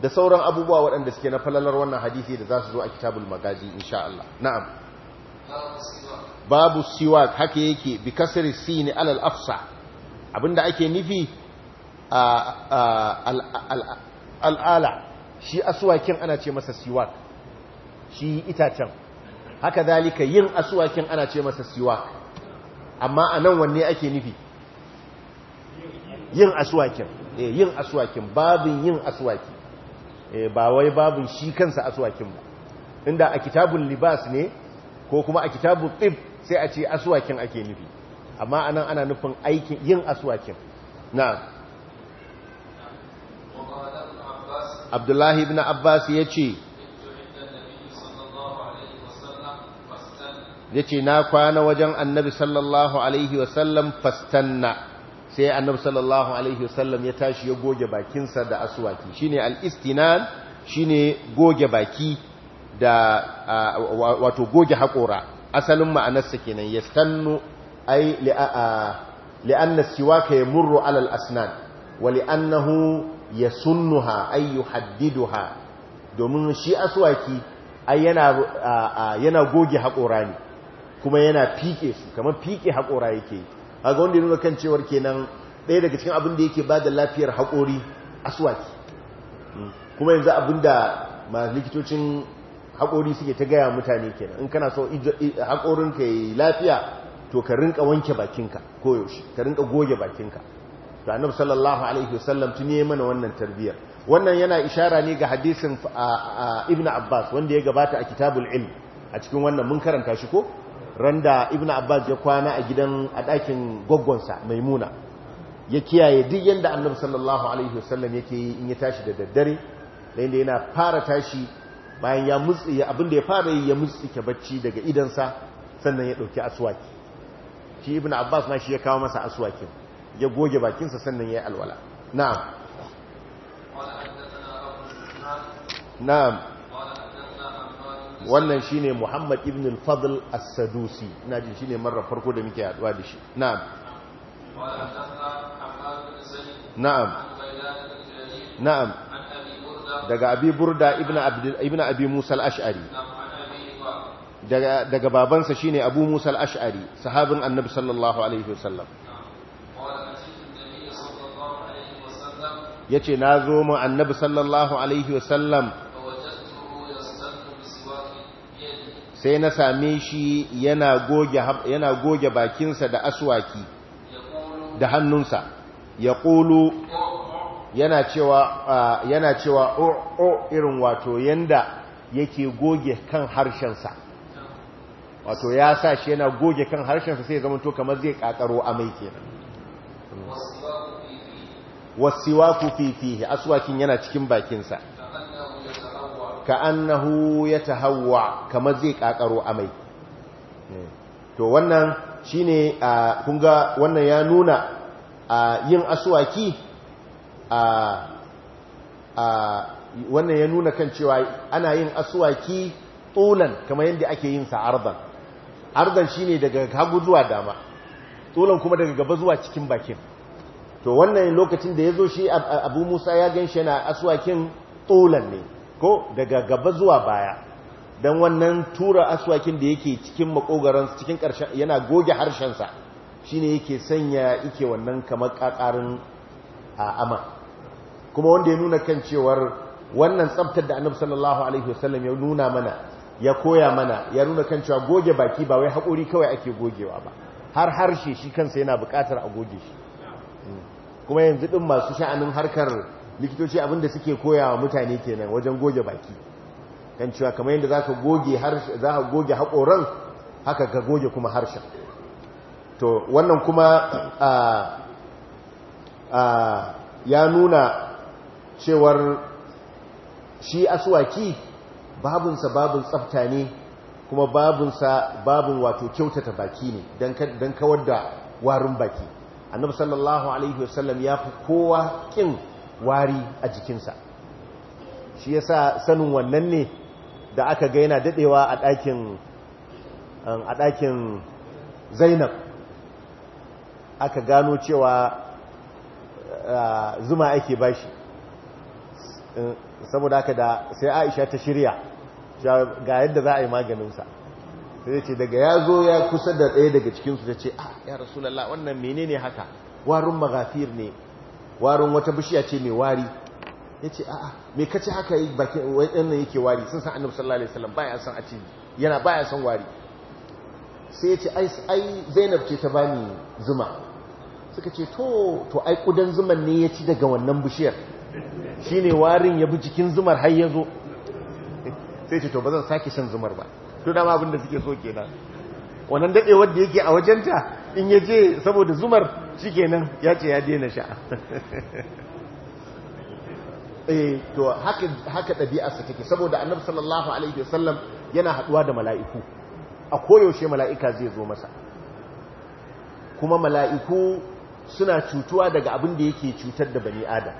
da sauran abubuwa waɗanda suke na falalar wannan hadisi da za su zo a kitabul Magaji insha na'am babu siwak haka yake bi kasar sin alal afsa abinda ake nufi al'ala shi asuwakin ana ce masa siwak shi itacen haka dalika yin asuwakin ana ce masa siwak amma a nan wanne ake nufi yin asuwakin eh, yin asuwakin babin yin asuwaki eh, ba wai babin shi kansa asuwakin ba inda a kitabun libas ne ko kuma a kitabu tsib sai a ce aswakin ake nufi amma anan ana nufin aikin yin aswakin na abdullahi ibn abbas ya ce ya ce na kwana wajen annabi sallallahu alaihi wasallam fastanna sai annabi sallallahu alaihi wasallam ya tashi ya goge bakinsa da aswaki shine al-istinan shine goge baki da wato goge haƙora asalin ma'anarsa kenan ya stannu ai li'anna siwaka ya murru alal asnan wa li'annahu ya sunnuha ai yuhaddiduha domin shi aswaki ai yana yana goge haƙora ne kuma yana fike su kamar fike haƙora yake kaga wanda ya nuna kan cewar kenan ɗaya daga cikin abin da yake ba da lafiyar hakori aswaki hmm. kuma yanzu abin da likitocin haƙori suke ta gaya mutane kenan in kana so haƙorinka ya yi lafiya to ka rinka wanke bakinka koyaushe ka rinka goge bakinka to annabi sallallahu alaihi wasallam tun yi mana wannan tarbiyyar wannan yana ishara ne ga hadisin ibnu abbas wanda ya gabata a kitabul ilm a cikin wannan mun karanta shi ko randa ibnu abbas ya kwana a gidan a ɗakin gwaggonsa maimuna ya kiyaye duk yanda annabi sallallahu alaihi wasallam yake yi in ya tashi da daddare da na fara tashi bayan ya mutsi abin da ya fara yi ya mutsi ke bacci daga idansa sannan ya ɗauki aswaki shi ibn abbas ma shi ya kawo masa aswakin ya goge bakinsa sannan ya yi alwala na'am na'am wannan ne muhammad ibn al-fadl as-sadusi ina jin ne marar farko da muke yaduwa da shi na'am na'am na'am daga abi burda ibn abi musa al-ash'ari daga babansa shine abu musa al-ash'ari sahabin annabi sallallahu alaihi wasallam yace na zo mu annabi sallallahu alaihi wasallam sai na same shi yana goge yana goge bakinsa da aswaki da hannunsa ya ƙulu yana cewa yana cewa o irin wato yanda yake goge kan harshensa wato ya sa shi yana goge kan harshensa sai ya zama to kamar zai kakaro amai kenan wasiwaku fifihi aswakin yana cikin bakinsa ka annahu tahawwa kamar zai kakaro amai to wannan shine kun ga wannan ya nuna yin aswaki wannan ya nuna kan cewa ana yin aswaki tsolan kamar yadda ake yin sa arzan arzan shine daga hagu zuwa dama tsolan kuma daga gaba zuwa cikin bakin to wannan lokacin da ya zo shi abu musa ya gan shi yana aswakin tsolan ne ko daga gaba zuwa baya don wannan tura aswakin da yake cikin makogaransa cikin ƙarshen yana goge harshensa shine yake sanya yake wannan kamar ƙaƙarin a amma kuma wanda ya nuna kan cewar wannan tsabtar da annabi sallallahu alaihi wasallam ya nuna mana ya koya mana ya nuna kan cewa goge baki ba wai hakuri kawai ake gogewa ba har harshe shi kansa yana buƙatar a goge shi hmm. kuma yanzu ɗin masu sha'anin harkar likitoci abinda suke koya wa mutane kenan wajen goge baki kan cewa kamar yadda za goge goge hakoran haka ka goge kuma harshen to wannan kuma ah, ah, ya nuna cewar shi asuwaki babunsa babun tsafta ne kuma babunsa babun wato kyautata baki ne don kawar da warin baki annabi sallallahu alaihi wasallam ya fi kowa kin wari a jikinsa shi ya sa sanin wannan ne da aka ga yana dadewa a ɗakin um, a ɗakin zainab aka gano cewa uh, zuma ake bashi saboda haka da sai aisha ta shirya ga yadda za a yi maganinsa sai ce daga ya zo ya kusa da ɗaya daga cikinsu ta ce ah ya rasulallah wannan menene haka warin magafir ne warin wata bishiya ce mai wari ya ce a'a me kace haka yi bakin wannan yake wari sun san annabi sallallahu alaihi wasallam baya san a ce yana baya san wari sai ya ce ai Zainab ce ta bani zuma suka ce to to ai kudan zuman ne ya ci daga wannan bishiyar Shi ne warin ya bi cikin zumar har ya zo sai ce to ba zan sake shan zumar ba to dama abin da suke so kenan wannan dadewar da yake a wajenta in ya je saboda zumar shikenan ya ce ya daina sha eh to haka haka ɗabi'arsa take saboda annabi sallallahu alaihi wasallam yana haɗuwa da mala'iku a koyaushe mala'ika zai zo masa kuma mala'iku suna cutuwa daga abin da yake cutar da bani adam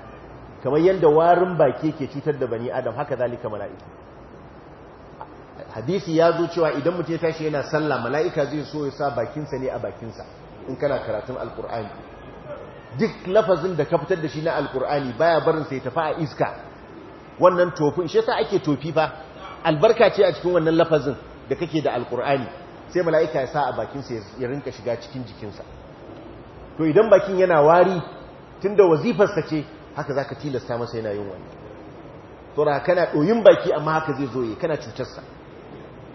kamar yadda warin baki ke cutar da bani adam haka zalika mala'iku hadisi ya zo cewa idan mutum ya tashi yana sallah mala'ika zai so ya sa bakinsa ne a bakinsa in kana karatun alkur'ani duk lafazin da ka fitar da shi na alkur'ani baya barin sai tafi a iska wannan tofin shi yasa ake tofi fa albarka ce a cikin wannan lafazin da kake da alkur'ani sai mala'ika ya sa a bakinsa ya rinka shiga cikin jikinsa to idan bakin yana wari tunda wazifarsa ce haka za ka tilasta masa yana yin wani tura kana ɗoyin baki amma haka zai zoye kana cutarsa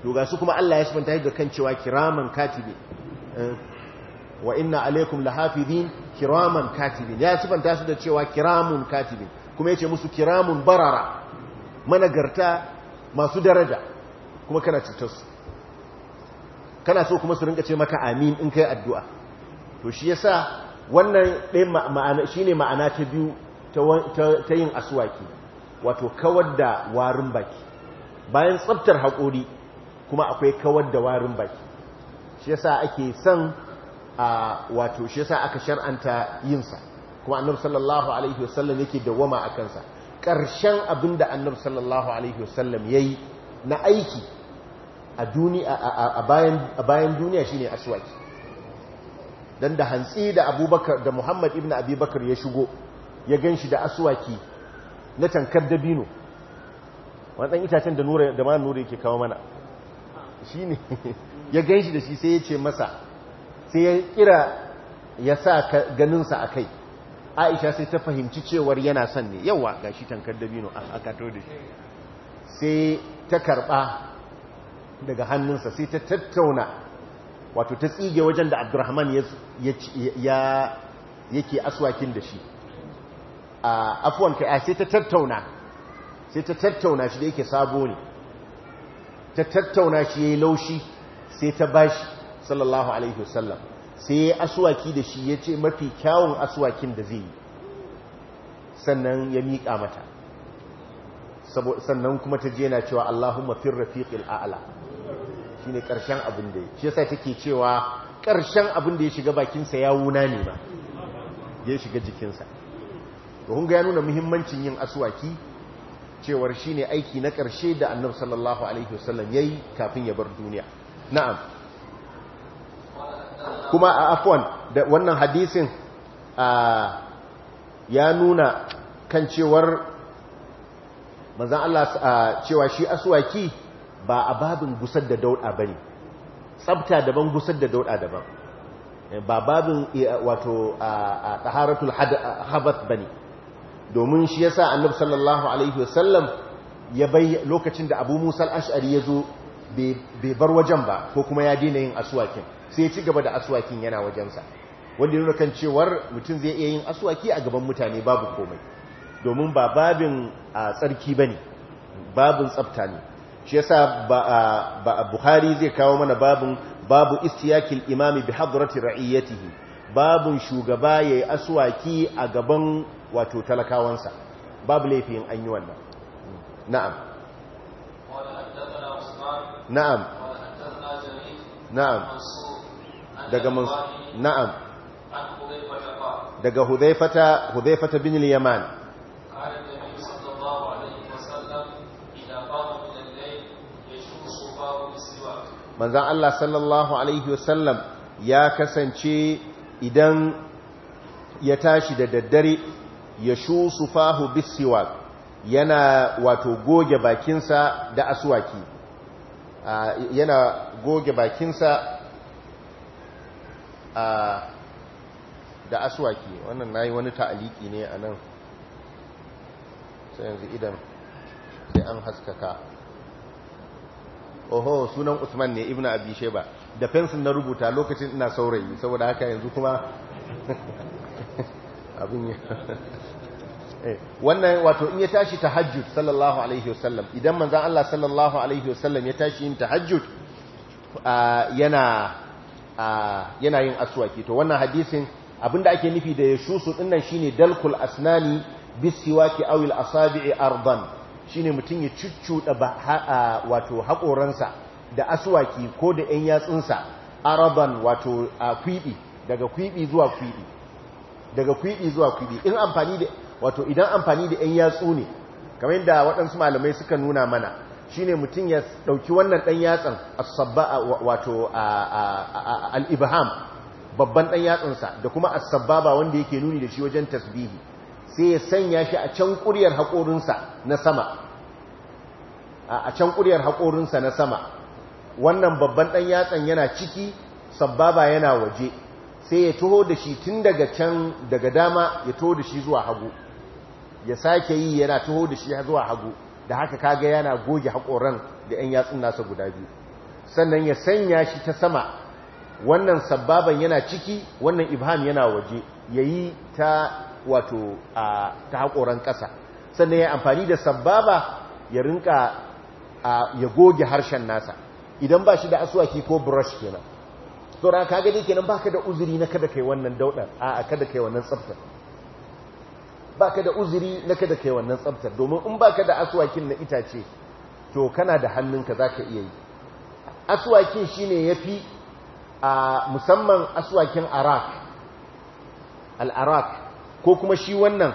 yoga su kuma Allah ya manta da kan cewa kiraman katibi eh, wa inna alaikum lahafizin kiraman katibin ya sabanta su da cewa kiramun katibin kuma yace musu kiramun barara managarta masu daraja kuma kana cutarsu kana so kuma su rinka ce maka amin in kai addu'a to shi yasa wannan ɗaya ma'ana ma'ana ta biyu ta yin aswaki wato kawar da warin baki bayan tsabtar haƙori kuma akwai kawar da warin baki shi yasa ake son a wato shi yasa aka shar'anta yinsa kuma annabi sallallahu alaihi wasallam yake dawama a kansa ƙarshen abin da annabi sallallahu alaihi wasallam yi na aiki a bayan duniya shine aswaki don da hantsi da da muhammad ibn abubakar ya shigo ya gan shi da asuwaki na tankar dabino ɗan itacen da nura da ma nura yake kawo mana shi ne ya gan shi da shi sai ya ce masa sai ya kira ya sa ganinsa a kai aisha sai ta fahimci cewar yana son ne yawa ga shi tankar dabino a kato da shi sai ta karba daga hannunsa sai ta tattauna wato ta tsige wajen da abdurrahman yake aswakin da shi A afuwan ka sai ta tattauna sai ta tattauna shi da yake sabo ne ta tattauna shi yayi laushi sai ta bashi sallallahu alaihi wasallam sai yayi aswaki da shi yace mafi kyawun aswakin da zai yi sannan ya miƙa mata sannan kuma ta je na cewa Allahumma fir rafiqil a'la shine karshen abin da shi yasa take cewa ƙarshen abin da ya shiga bakinsa ya wuna ne ba ya shiga jikinsa to hunga ga ya nuna muhimmancin yin aswaki cewar shi ne aiki na ƙarshe da annabi sallallahu alaihi wasallam yi kafin ya bar duniya na'am kuma a afwan da wannan hadisin ya nuna kan cewar mazan Allah cewa shi aswaki ba a babin gusar da dauɗa ba ne. tsabta daban gusar da dauɗa daban ba babin wato a taharatul ba ne. domin shi yasa annabi sallallahu alaihi wasallam ya bai lokacin da abu musal ash'ari ya zo bai bar wajen ba ko kuma ya daina yin aswakin sai ya ci gaba da aswakin yana wajensa wanda nuna kan cewar mutum zai iya yin aswaki a gaban mutane babu komai domin ba babin a tsarki ba ne babin tsabta ne shi yasa ba buhari zai kawo mana babin babu istiyakil imami bi hadrati ra'iyatihi babin shugaba ya yi asuwaki a gaban wato talakawansa babu laifin an yi wannan na'am na'am na'am daga mansu na'am daga hudaifata hudaifata bin yaman manzan Allah sallallahu alaihi wasallam ya kasance idan ya tashi da daddare ya shusu fahu bisiwa yana wato goge bakinsa da aswaki yana goge bakinsa da aswaki wannan na yi wani ta'aliki ne a nan sayan yanzu idan sai an haskaka oho sunan usman ne ibn abi sheba da fensin na rubuta lokacin ina saurayi saboda haka yanzu kuma abin ya eh, wannan wato in ya tashi tahajjud sallallahu alaihi wasallam idan manzon Allah sallallahu alaihi wasallam ya tashi yin tahajjud yana yana yin aswaki to wannan hadisin abinda ake nufi da yashusu dinnan shine dalkul asnani bisiwaki awil asabi'i ardan shine mutun ya cuccuda wato haƙoransa. da aswaki ko da ‘yan yatsunsa araban wato a kwiɓi daga kwiɓi zuwa kwiɓi daga kwiɓi zuwa kwiɓi in amfani da wato idan amfani da ‘yan yatsu ne kamar yadda waɗansu malamai suka nuna mana shi ne mutum ya ɗauki wannan ɗan yatsan asabba wato al'ibham babban ɗan yatsunsa da kuma asabba ba wanda yake nuni da shi wajen tasbihi sai ya sanya shi a can ƙuryar haƙorinsa na sama a can ƙuryar haƙorinsa na sama wannan babban ɗan yatsan yana ciki sabbaba yana waje sai ya taho da shi tun daga can daga dama ya taho da shi zuwa hagu ya sake yi yana taho da shi zuwa hagu da haka kaga yana goge haƙoran da 'yan yatsun nasa guda biyu sannan ya sanya shi ta sama wannan sabbaban yana ciki wannan ibham yana waje ya yi ta wato a ta haƙoran ƙasa sannan ya amfani da sabbaba ya rinka ya goge harshen nasa idan ba shi da aswaki ko brush kenan saura ka gani kenan baka da uzuri na kada kai wannan daudar a kada kai wannan tsaftar baka da uzuri na kada kai wannan tsaftar domin in baka da aswakin na itace to kana da hannunka zaka iya yi aswakin shine yafi a musamman aswakin arak al-arak ko kuma shi wannan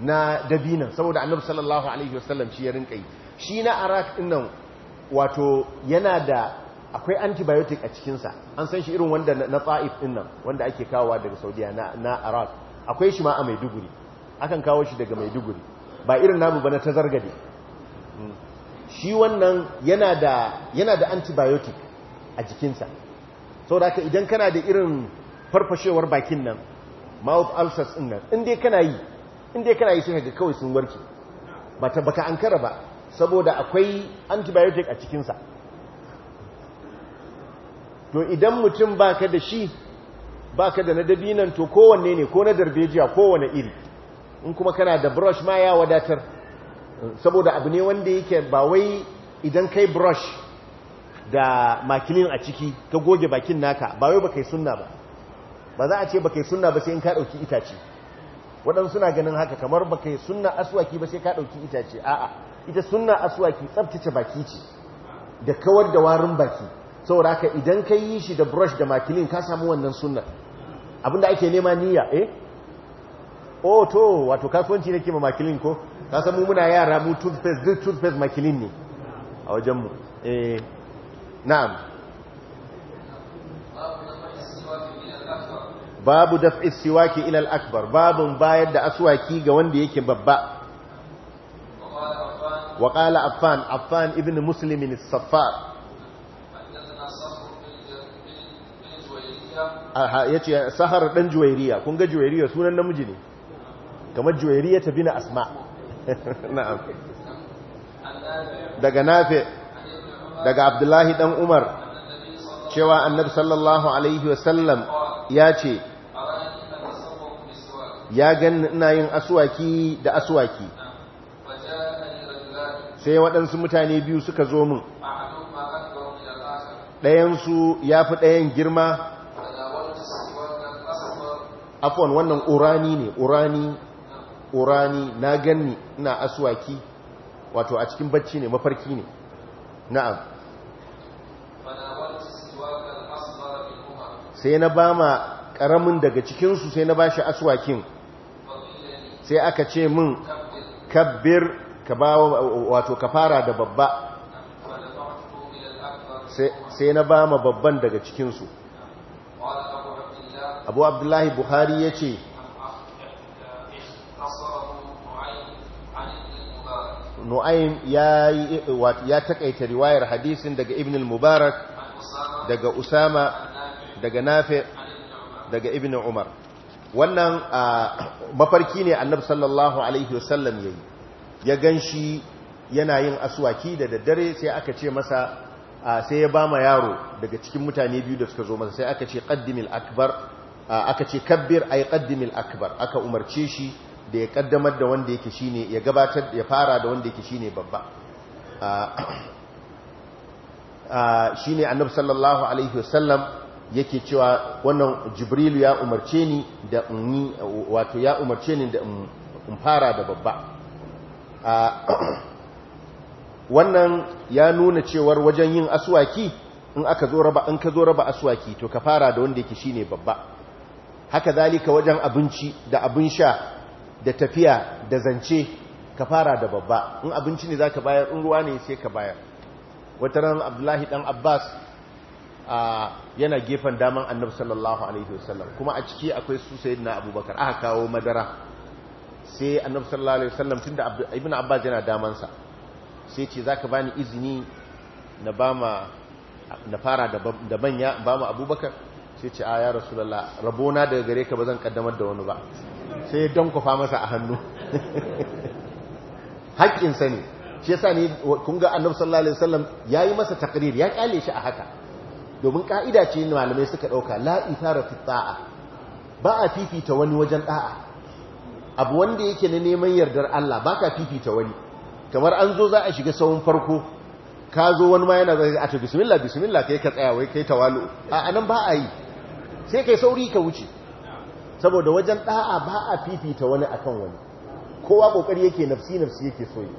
na dabinan saboda annabi sallallahu alaihi wasallam shi ya rinka yi shi na arak din nan wato yana da akwai antibiotic a cikinsa an san shi irin wanda na tsa'if ɗin nan wanda ake kawowa daga saudiya na iraq akwai shi ma a maiduguri akan kawo shi daga maiduguri ba irin namu ba na ta zargade hmm. shi wannan yana da antibiotic a jikinsa sau da idan kana da irin farfashewar bakin nan mouth ulcers ɗin nan inda kana yi inda kana yi sai ga kawai sun warke ba ta baka an kara ba saboda akwai antibiotic a cikinsa to idan mutum baka da shi baka da na dabinan to kowanne ne ko na darbejiya kowane iri in kuma kana da brush ma ya wadatar saboda abu ne wanda yake ba wai idan kai brush da makilin a ciki ka goge bakin naka ba wai ba kai sunna ba ba za a ce ba kai sunna ba sai in ka ɗauki itace waɗansu na ganin haka kamar ba kai sunna aswaki ba sai ka ɗauki itace a'a ita sunna aswaki tsabtace baki ce da kawar da warin baki saboda haka idan ka yi shi da brush da makilin ka samu wannan suna abinda ake nema niyya eh oh to wato kasuwanci na ma makilin ko ka samu muna yara mu toothpaste duk toothpaste makilin ne a wajen mu eh na'am babu daf'i siwaki ilal akbar babun bayar da aswaki ga wanda yake babba وقال عفان عفان ابن مسلم الصفار ya ce sahar ɗan juwairiya kun ga juwairiya sunan namiji ne kamar juwairiya ta bina asma daga nafe daga abdullahi ɗan umar cewa annabi sallallahu alaihi wasallam ya ce ya gan ina yin aswaki da aswaki sai waɗansu mutane biyu suka zo min ɗayansu ya fi ɗayan girma afon wannan urani ne urani urani na ganni ina aswaki wato a cikin bacci ne mafarki ne na'am sai na ba ma ƙaramin daga cikinsu sai na ba shi aswakin sai aka ce min kabbir ka ba wato ka fara da babba sai na ba ma babban daga cikinsu abu abdullahi buhari ya ce nu'ayin ya takaita riwayar hadisin daga ibn mubarak daga usama daga nafi daga ibn umar wannan mafarki ne annab sallallahu alaihi wasallam ya yi ya gan shi yana yin aswaki da daddare sai aka ce masa sai ya ba ma yaro daga cikin mutane biyu da suka zo masa sai aka ce kaddimil akbar aka ce kabbir ay kaddimil akbar aka umarce shi da ya kaddamar da wanda yake shine ya gabatar ya fara da wanda yake shine babba shine annabi sallallahu alaihi wasallam yake cewa wannan jibrilu ya umarce ni da in wato ya umarce ni da in fara da babba wannan ya nuna cewar wajen yin asuwaki, in aka zo raba in ka zo raba aswaki to ka fara da wanda yake shine babba haka zalika wajen abinci da abin sha da tafiya da zance ka fara da babba in abinci ne zaka bayar in ruwa ne sai ka bayar wata ran Abdullahi dan Abbas yana gefen daman Annabi sallallahu alaihi wasallam kuma a ciki akwai su sayyidina Abubakar aka kawo madara sai annabi sallallahu alaihi wasallam tunda ibn abbas yana damansa sai ce zaka bani izini na bama na fara da manya bama abubakar sai ce a ya rasulullah rabona daga gare ka bazan kaddamar da wani ba sai ya dankofa masa a hannu haƙƙin sa ne shi yasa ne kun ga annabi sallallahu alaihi wasallam yayi masa takrir ya kyale shi a haka domin ka'ida ce malamai suka dauka la ithara ta'a ba a fifita wani wajen da'a abu wanda yake na neman yardar Allah ba ka fifita wani kamar an zo za a shiga tsawon farko ka zo wani ma yana zai a ta bismillah bismillah kai ka tsaya wai kai tawalu a anan ba a yi sai kai sauri ka wuce saboda wajen da'a ba a fifita wani akan wani kowa kokari yake nafsi nafsi yake so yi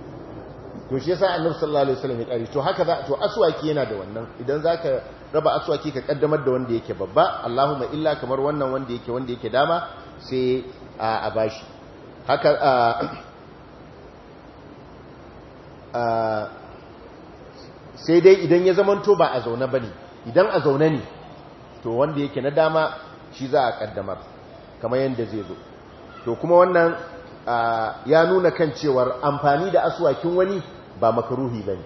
to shi yasa annabi sallallahu alaihi wasallam ya kare to haka za to aswaki yana da wannan idan zaka raba aswaki ka ƙaddamar da wanda yake babba Allahumma illa kamar wannan wanda yake wanda yake dama sai a bashi haka sai dai idan ya zamanto ba a zaune ba ne idan a zaune ne to wanda yake na dama shi za a kaddamar kamar yadda zai zo to kuma wannan ya nuna kan cewar amfani da asuwakin wani ba makaruhi ba ne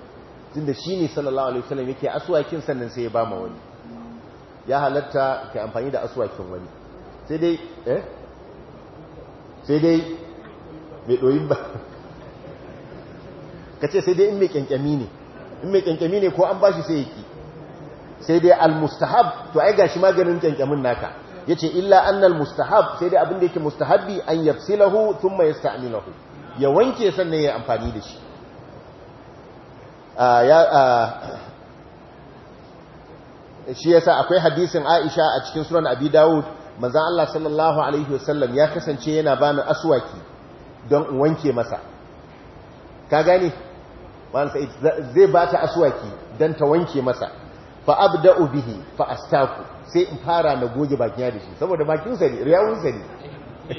tun da shi ne sallallahu alaihi wasallam yake asuwakin sannan sai ya ba ma wani ya halatta ka amfani da asuwakin wani sai dai eh sai dai mai ɗoyin ba ka ce sai dai in mai ƙyanƙyami ne in mai ƙyanƙyami ne ko an ba shi sai ya ki sai dai al-mustahab to ai gashi maganin ƙyanƙyamin naka Ya ce illa annal mustahab sai dai abin da yake mustahabbi an yafsilahu thumma yasta'milahu ya wanke sannan ya amfani da shi ah, ah, shi ya sa akwai hadisin Aisha a cikin sunan Abi Dawud mazan Allah sallallahu alaihi wasallam ya kasance yana bani aswaki don wanke masa ka gane zai ba ta aswaki don ta wanke masa fa abda'u bihi fa astaku sai in fara na goge bakin yadda shi saboda bakin sa ne riyawun sa ne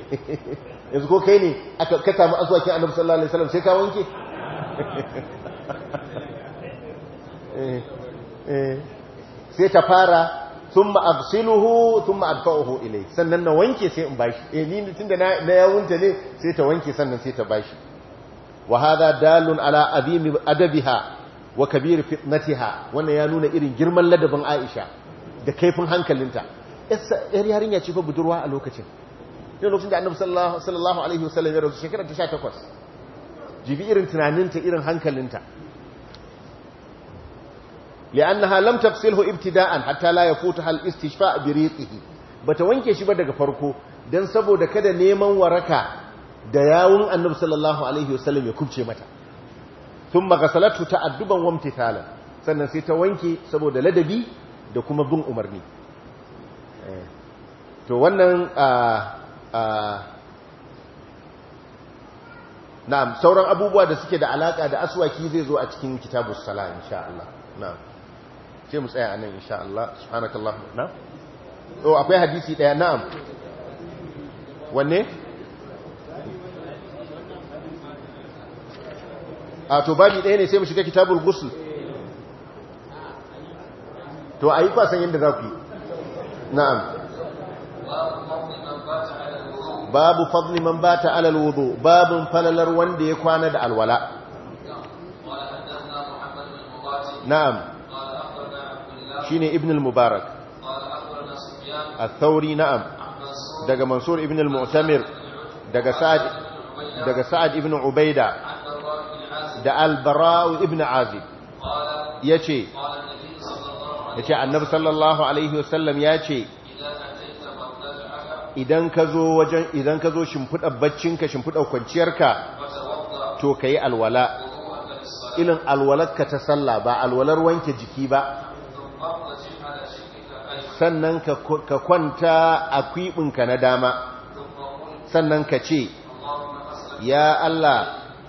yanzu ko kai ne aka ka samu aswakin annabi sallallahu alaihi wasallam sai ka wanke eh, eh. sai ta fara thumma aghsiluhu thumma adfa'uhu ilay sannan na wanke sai in bashi eh ni tunda na na yawunta ne sai ta wanke sannan sai ta bashi wa hadha dalun ala adimi adabiha wa kabir fitnatiha wannan ya nuna irin girman ladabin Aisha da kaifin hankalinta yar yarinya ce fa budurwa a lokacin ne lokacin da Annabi sallallahu alaihi wasallam ya rasu shekara ta 18 jibi irin tunaninta irin hankalinta li'annaha lam tafsilhu ibtida'an hatta la yafutu hal istishfa' bi bata wanke shi ba daga farko dan saboda kada neman waraka da yawun annabi sallallahu alaihi wasallam ya kubce mata thumma ta ta'adduban wa imtithalan sannan sai ta wanke saboda ladabi da kuma bin umarni to wannan na'am sauran abubuwa da suke da alaka da aswaki zai zo a cikin kitabus sala insha Allah na'am sai mu tsaya nan insha Allah subhanakallah na to akwai hadisi daya na'am wanne a to babi daya ne sai mu shiga kitabul ghusl to ayi san yanda zaku yi na'am babu fadli man bata ala alwudu babun falalar wanda ya kwana da alwala na'am shine ibn al-mubarak al-thawri na'am daga mansur ibn al-mu'tamir daga sa'ad daga sa'ad ibn ubaida da al-bara ibn azib yace yace annabi sallallahu alaihi wasallam yace idan ka zo wajen idan ka zo baccinka shimfidar kwanciyarka to kai alwala ilin alwalarka ta sallah ba alwalar wanke jiki ba sannan ka kwanta a kwiɓinka na dama sannan ka ce ya Allah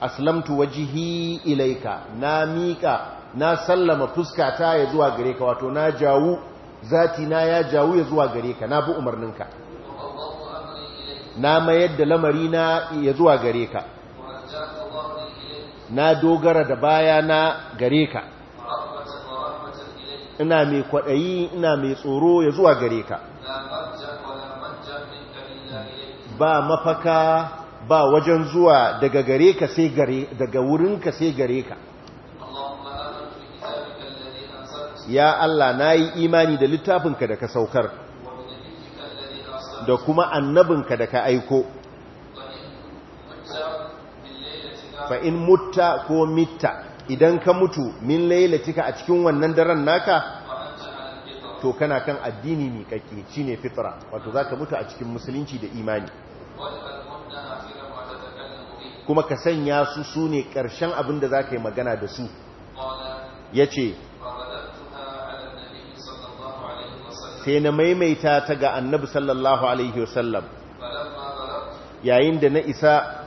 aslamtu wajihi ilaika na miƙa na sallama fuskata ya zuwa gare ka wato na jawu zati na ya jawu ya zuwa gare ka na bi umarninka na mayar da lamarina ya zuwa gare ka na dogara da baya na gare ka ina mai kwaɗayi ina mai tsoro ya zuwa gare ka ba mafaka ba wajen zuwa daga gare ka sai gare daga wurin ka sai gare ka ya Allah na yi imani da littafinka da ka saukar da kuma annabinka da ka aiko fa in mutta ko mitta idan ka mutu min lailatika a cikin wannan daren naka to kana kan addini mai ci ne fitra wato zaka mutu a cikin musulunci da imani kuma ka sanya su sune karshen abin da zaka yi magana da su yace sai na maimaita ta ga annabi sallallahu alaihi wasallam yayin da na isa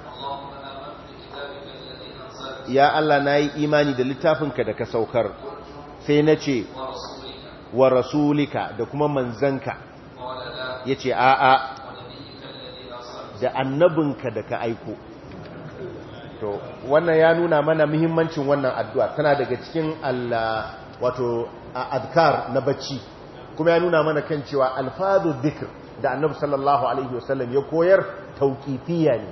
ya Allah na yi imani da littafinka da ka saukar sai na ce wa rasulika da kuma manzanka ya ce a'a da annabinka da ka aiko to wannan ya nuna mana muhimmancin wannan addu'a tana daga cikin Allah wato adkar na bacci kuma ya nuna mana kan cewa alfazu dhikr da annabi sallallahu alaihi wasallam ya koyar tauƙifiya ne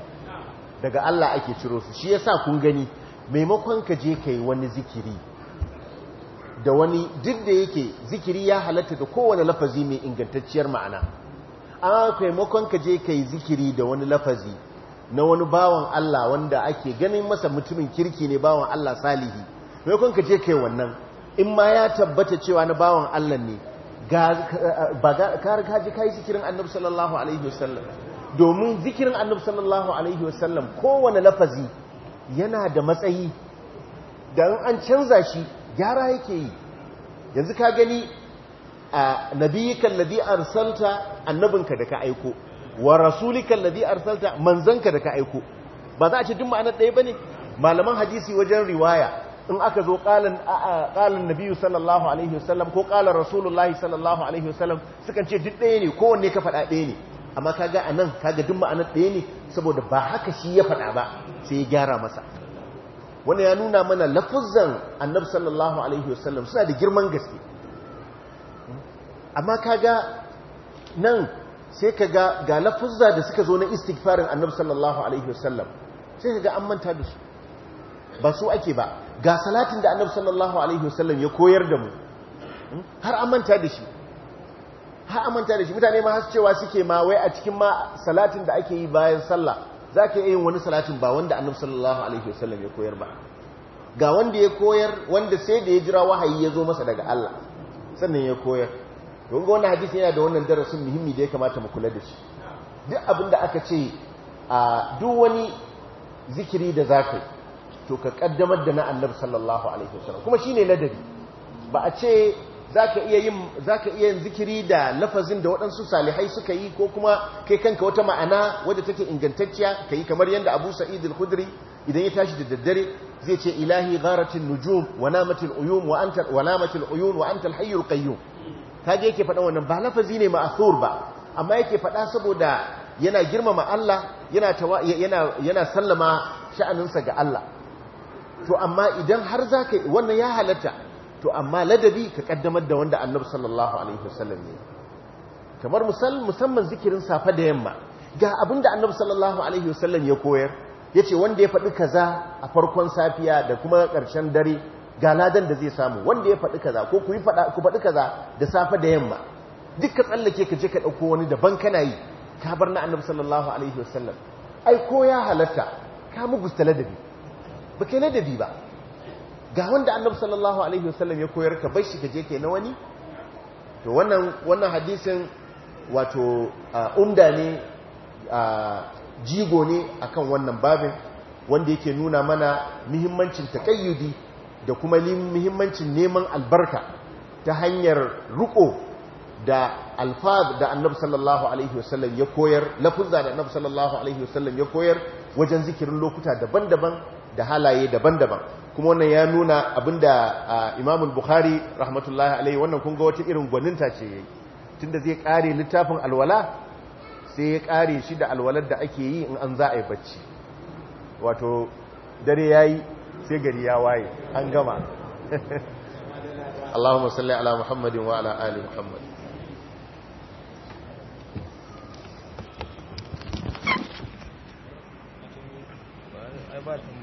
daga Allah ake ciro su shi yasa kun gani maimakon ka je ka yi wani zikiri da wani duk da yake zikiri ya halatta da kowane lafazi mai ingantacciyar ma'ana an maimakon ka je ka yi zikiri da wani lafazi na wani bawan Allah wanda ake ganin masa mutumin kirki ne bawan Allah salihi maimakon ka je ka yi wannan in ma ya tabbata cewa na bawan Allah ne ka ji ka yi zikirin annabi sallallahu alaihi wasallam domin zikirin annabi sallallahu alaihi wasallam kowane lafazi yana da matsayi da an canza shi gyara yake yi yanzu ka gani a nabiyikan ladhi arsalta annabinka da ka aiko wa rasulikan ladhi arsalta manzanka da ka aiko ba za a ce duk ma'anar ɗaya ba ne? malaman hadisi wajen riwaya in aka zo ƙalin qalan nabiyyu sallallahu alaihi wasallam ko ƙalin rasulullahi sallallahu alaihi wasallam sukan ce duk ɗaya ne kowanne ka faɗa ɗaya ne amma kaga anan kaga duk ma'anar ɗaya ne saboda ba haka shi ya faɗa ba sai ya gyara masa wanda ya nuna mana lafuzan annabi sallallahu alaihi wasallam suna da girman gaske amma kaga nan sai kaga ga lafuzza da suka zo na istighfarin annabi sallallahu alaihi wasallam sai kaga an manta da su ba su ake ba ga salatin da annabi sallallahu alaihi wasallam ya koyar da mu har an manta da shi ha manta da shi mutane ma cewa suke ma wai a cikin ma salatin da ake yi bayan sallah za ka yin wani salatin ba wanda annabi sallallahu alaihi wasallam ya koyar ba ga wanda ya koyar wanda sai da ya jira wahayi ya zo masa daga Allah sannan ya koyar don ga wannan hadisi yana da wannan darasin muhimmi da ya kamata mu kula da shi duk abin da aka ce a duk wani zikiri da za ka to ka kaddamar da na annabi sallallahu alaihi wasallam kuma shine ladabi ba a ce zaka iya yin zaka iya yin zikiri da lafazin da waɗansu salihai suka yi ko kuma kai kanka wata ma'ana wadda take ingantacciya kai kamar yanda Abu Sa'id al-Khudri idan ya tashi da daddare zai ce ilahi gharatin nujum wa namatil uyum wa anta wa namatil uyun wa anta al-hayyul qayyum kaje yake faɗa wannan ba lafazi ne ma'thur ba amma yake faɗa saboda yana girmama Allah yana yana yana sallama sha'aninsa ga Allah to amma idan har zaka wannan ya halatta to amma ladabi ka kaddamar da wanda annabi sallallahu alaihi wasallam ne kamar musamman zikirin safa da yamma ga abin da annabi sallallahu alaihi wasallam ya koyar yace wanda ya faɗi kaza a farkon safiya da kuma ƙarshen dare ga ladan da zai samu wanda ya faɗi kaza ko ku yi faɗa ku fadi kaza da safa da yamma duk ka tsallake ka je ka ɗauko wani daban kana yi ka bar na annabi sallallahu alaihi wasallam ai ko ya halatta ka mugusta ladabi ba kai ladabi ba ga wanda annabi sallallahu alaihi wasallam ya koyar ka bai shi gaje ke na wani to wannan wannan hadisin wato umda ne jigo ne akan wannan babin wanda yake nuna mana muhimmancin takayyudi da kuma muhimmancin neman albarka ta hanyar ruko da alfaz da annabi sallallahu alaihi wasallam ya koyar lafuzza da annabi sallallahu alaihi wasallam ya koyar wajen zikirin lokuta daban-daban da halaye daban-daban kuma wannan ya nuna abinda imamul bukhari rahmatullahi alaihi wannan kun ga wata irin gwaninta ce tun tunda zai kare littafin alwala sai ya kare shi da alwalar da ake yi in an za a yi bacci wato dare ya yi sai gari ya waye an gama Allahumma salli ala Muhammadin wa ala ali Muhammad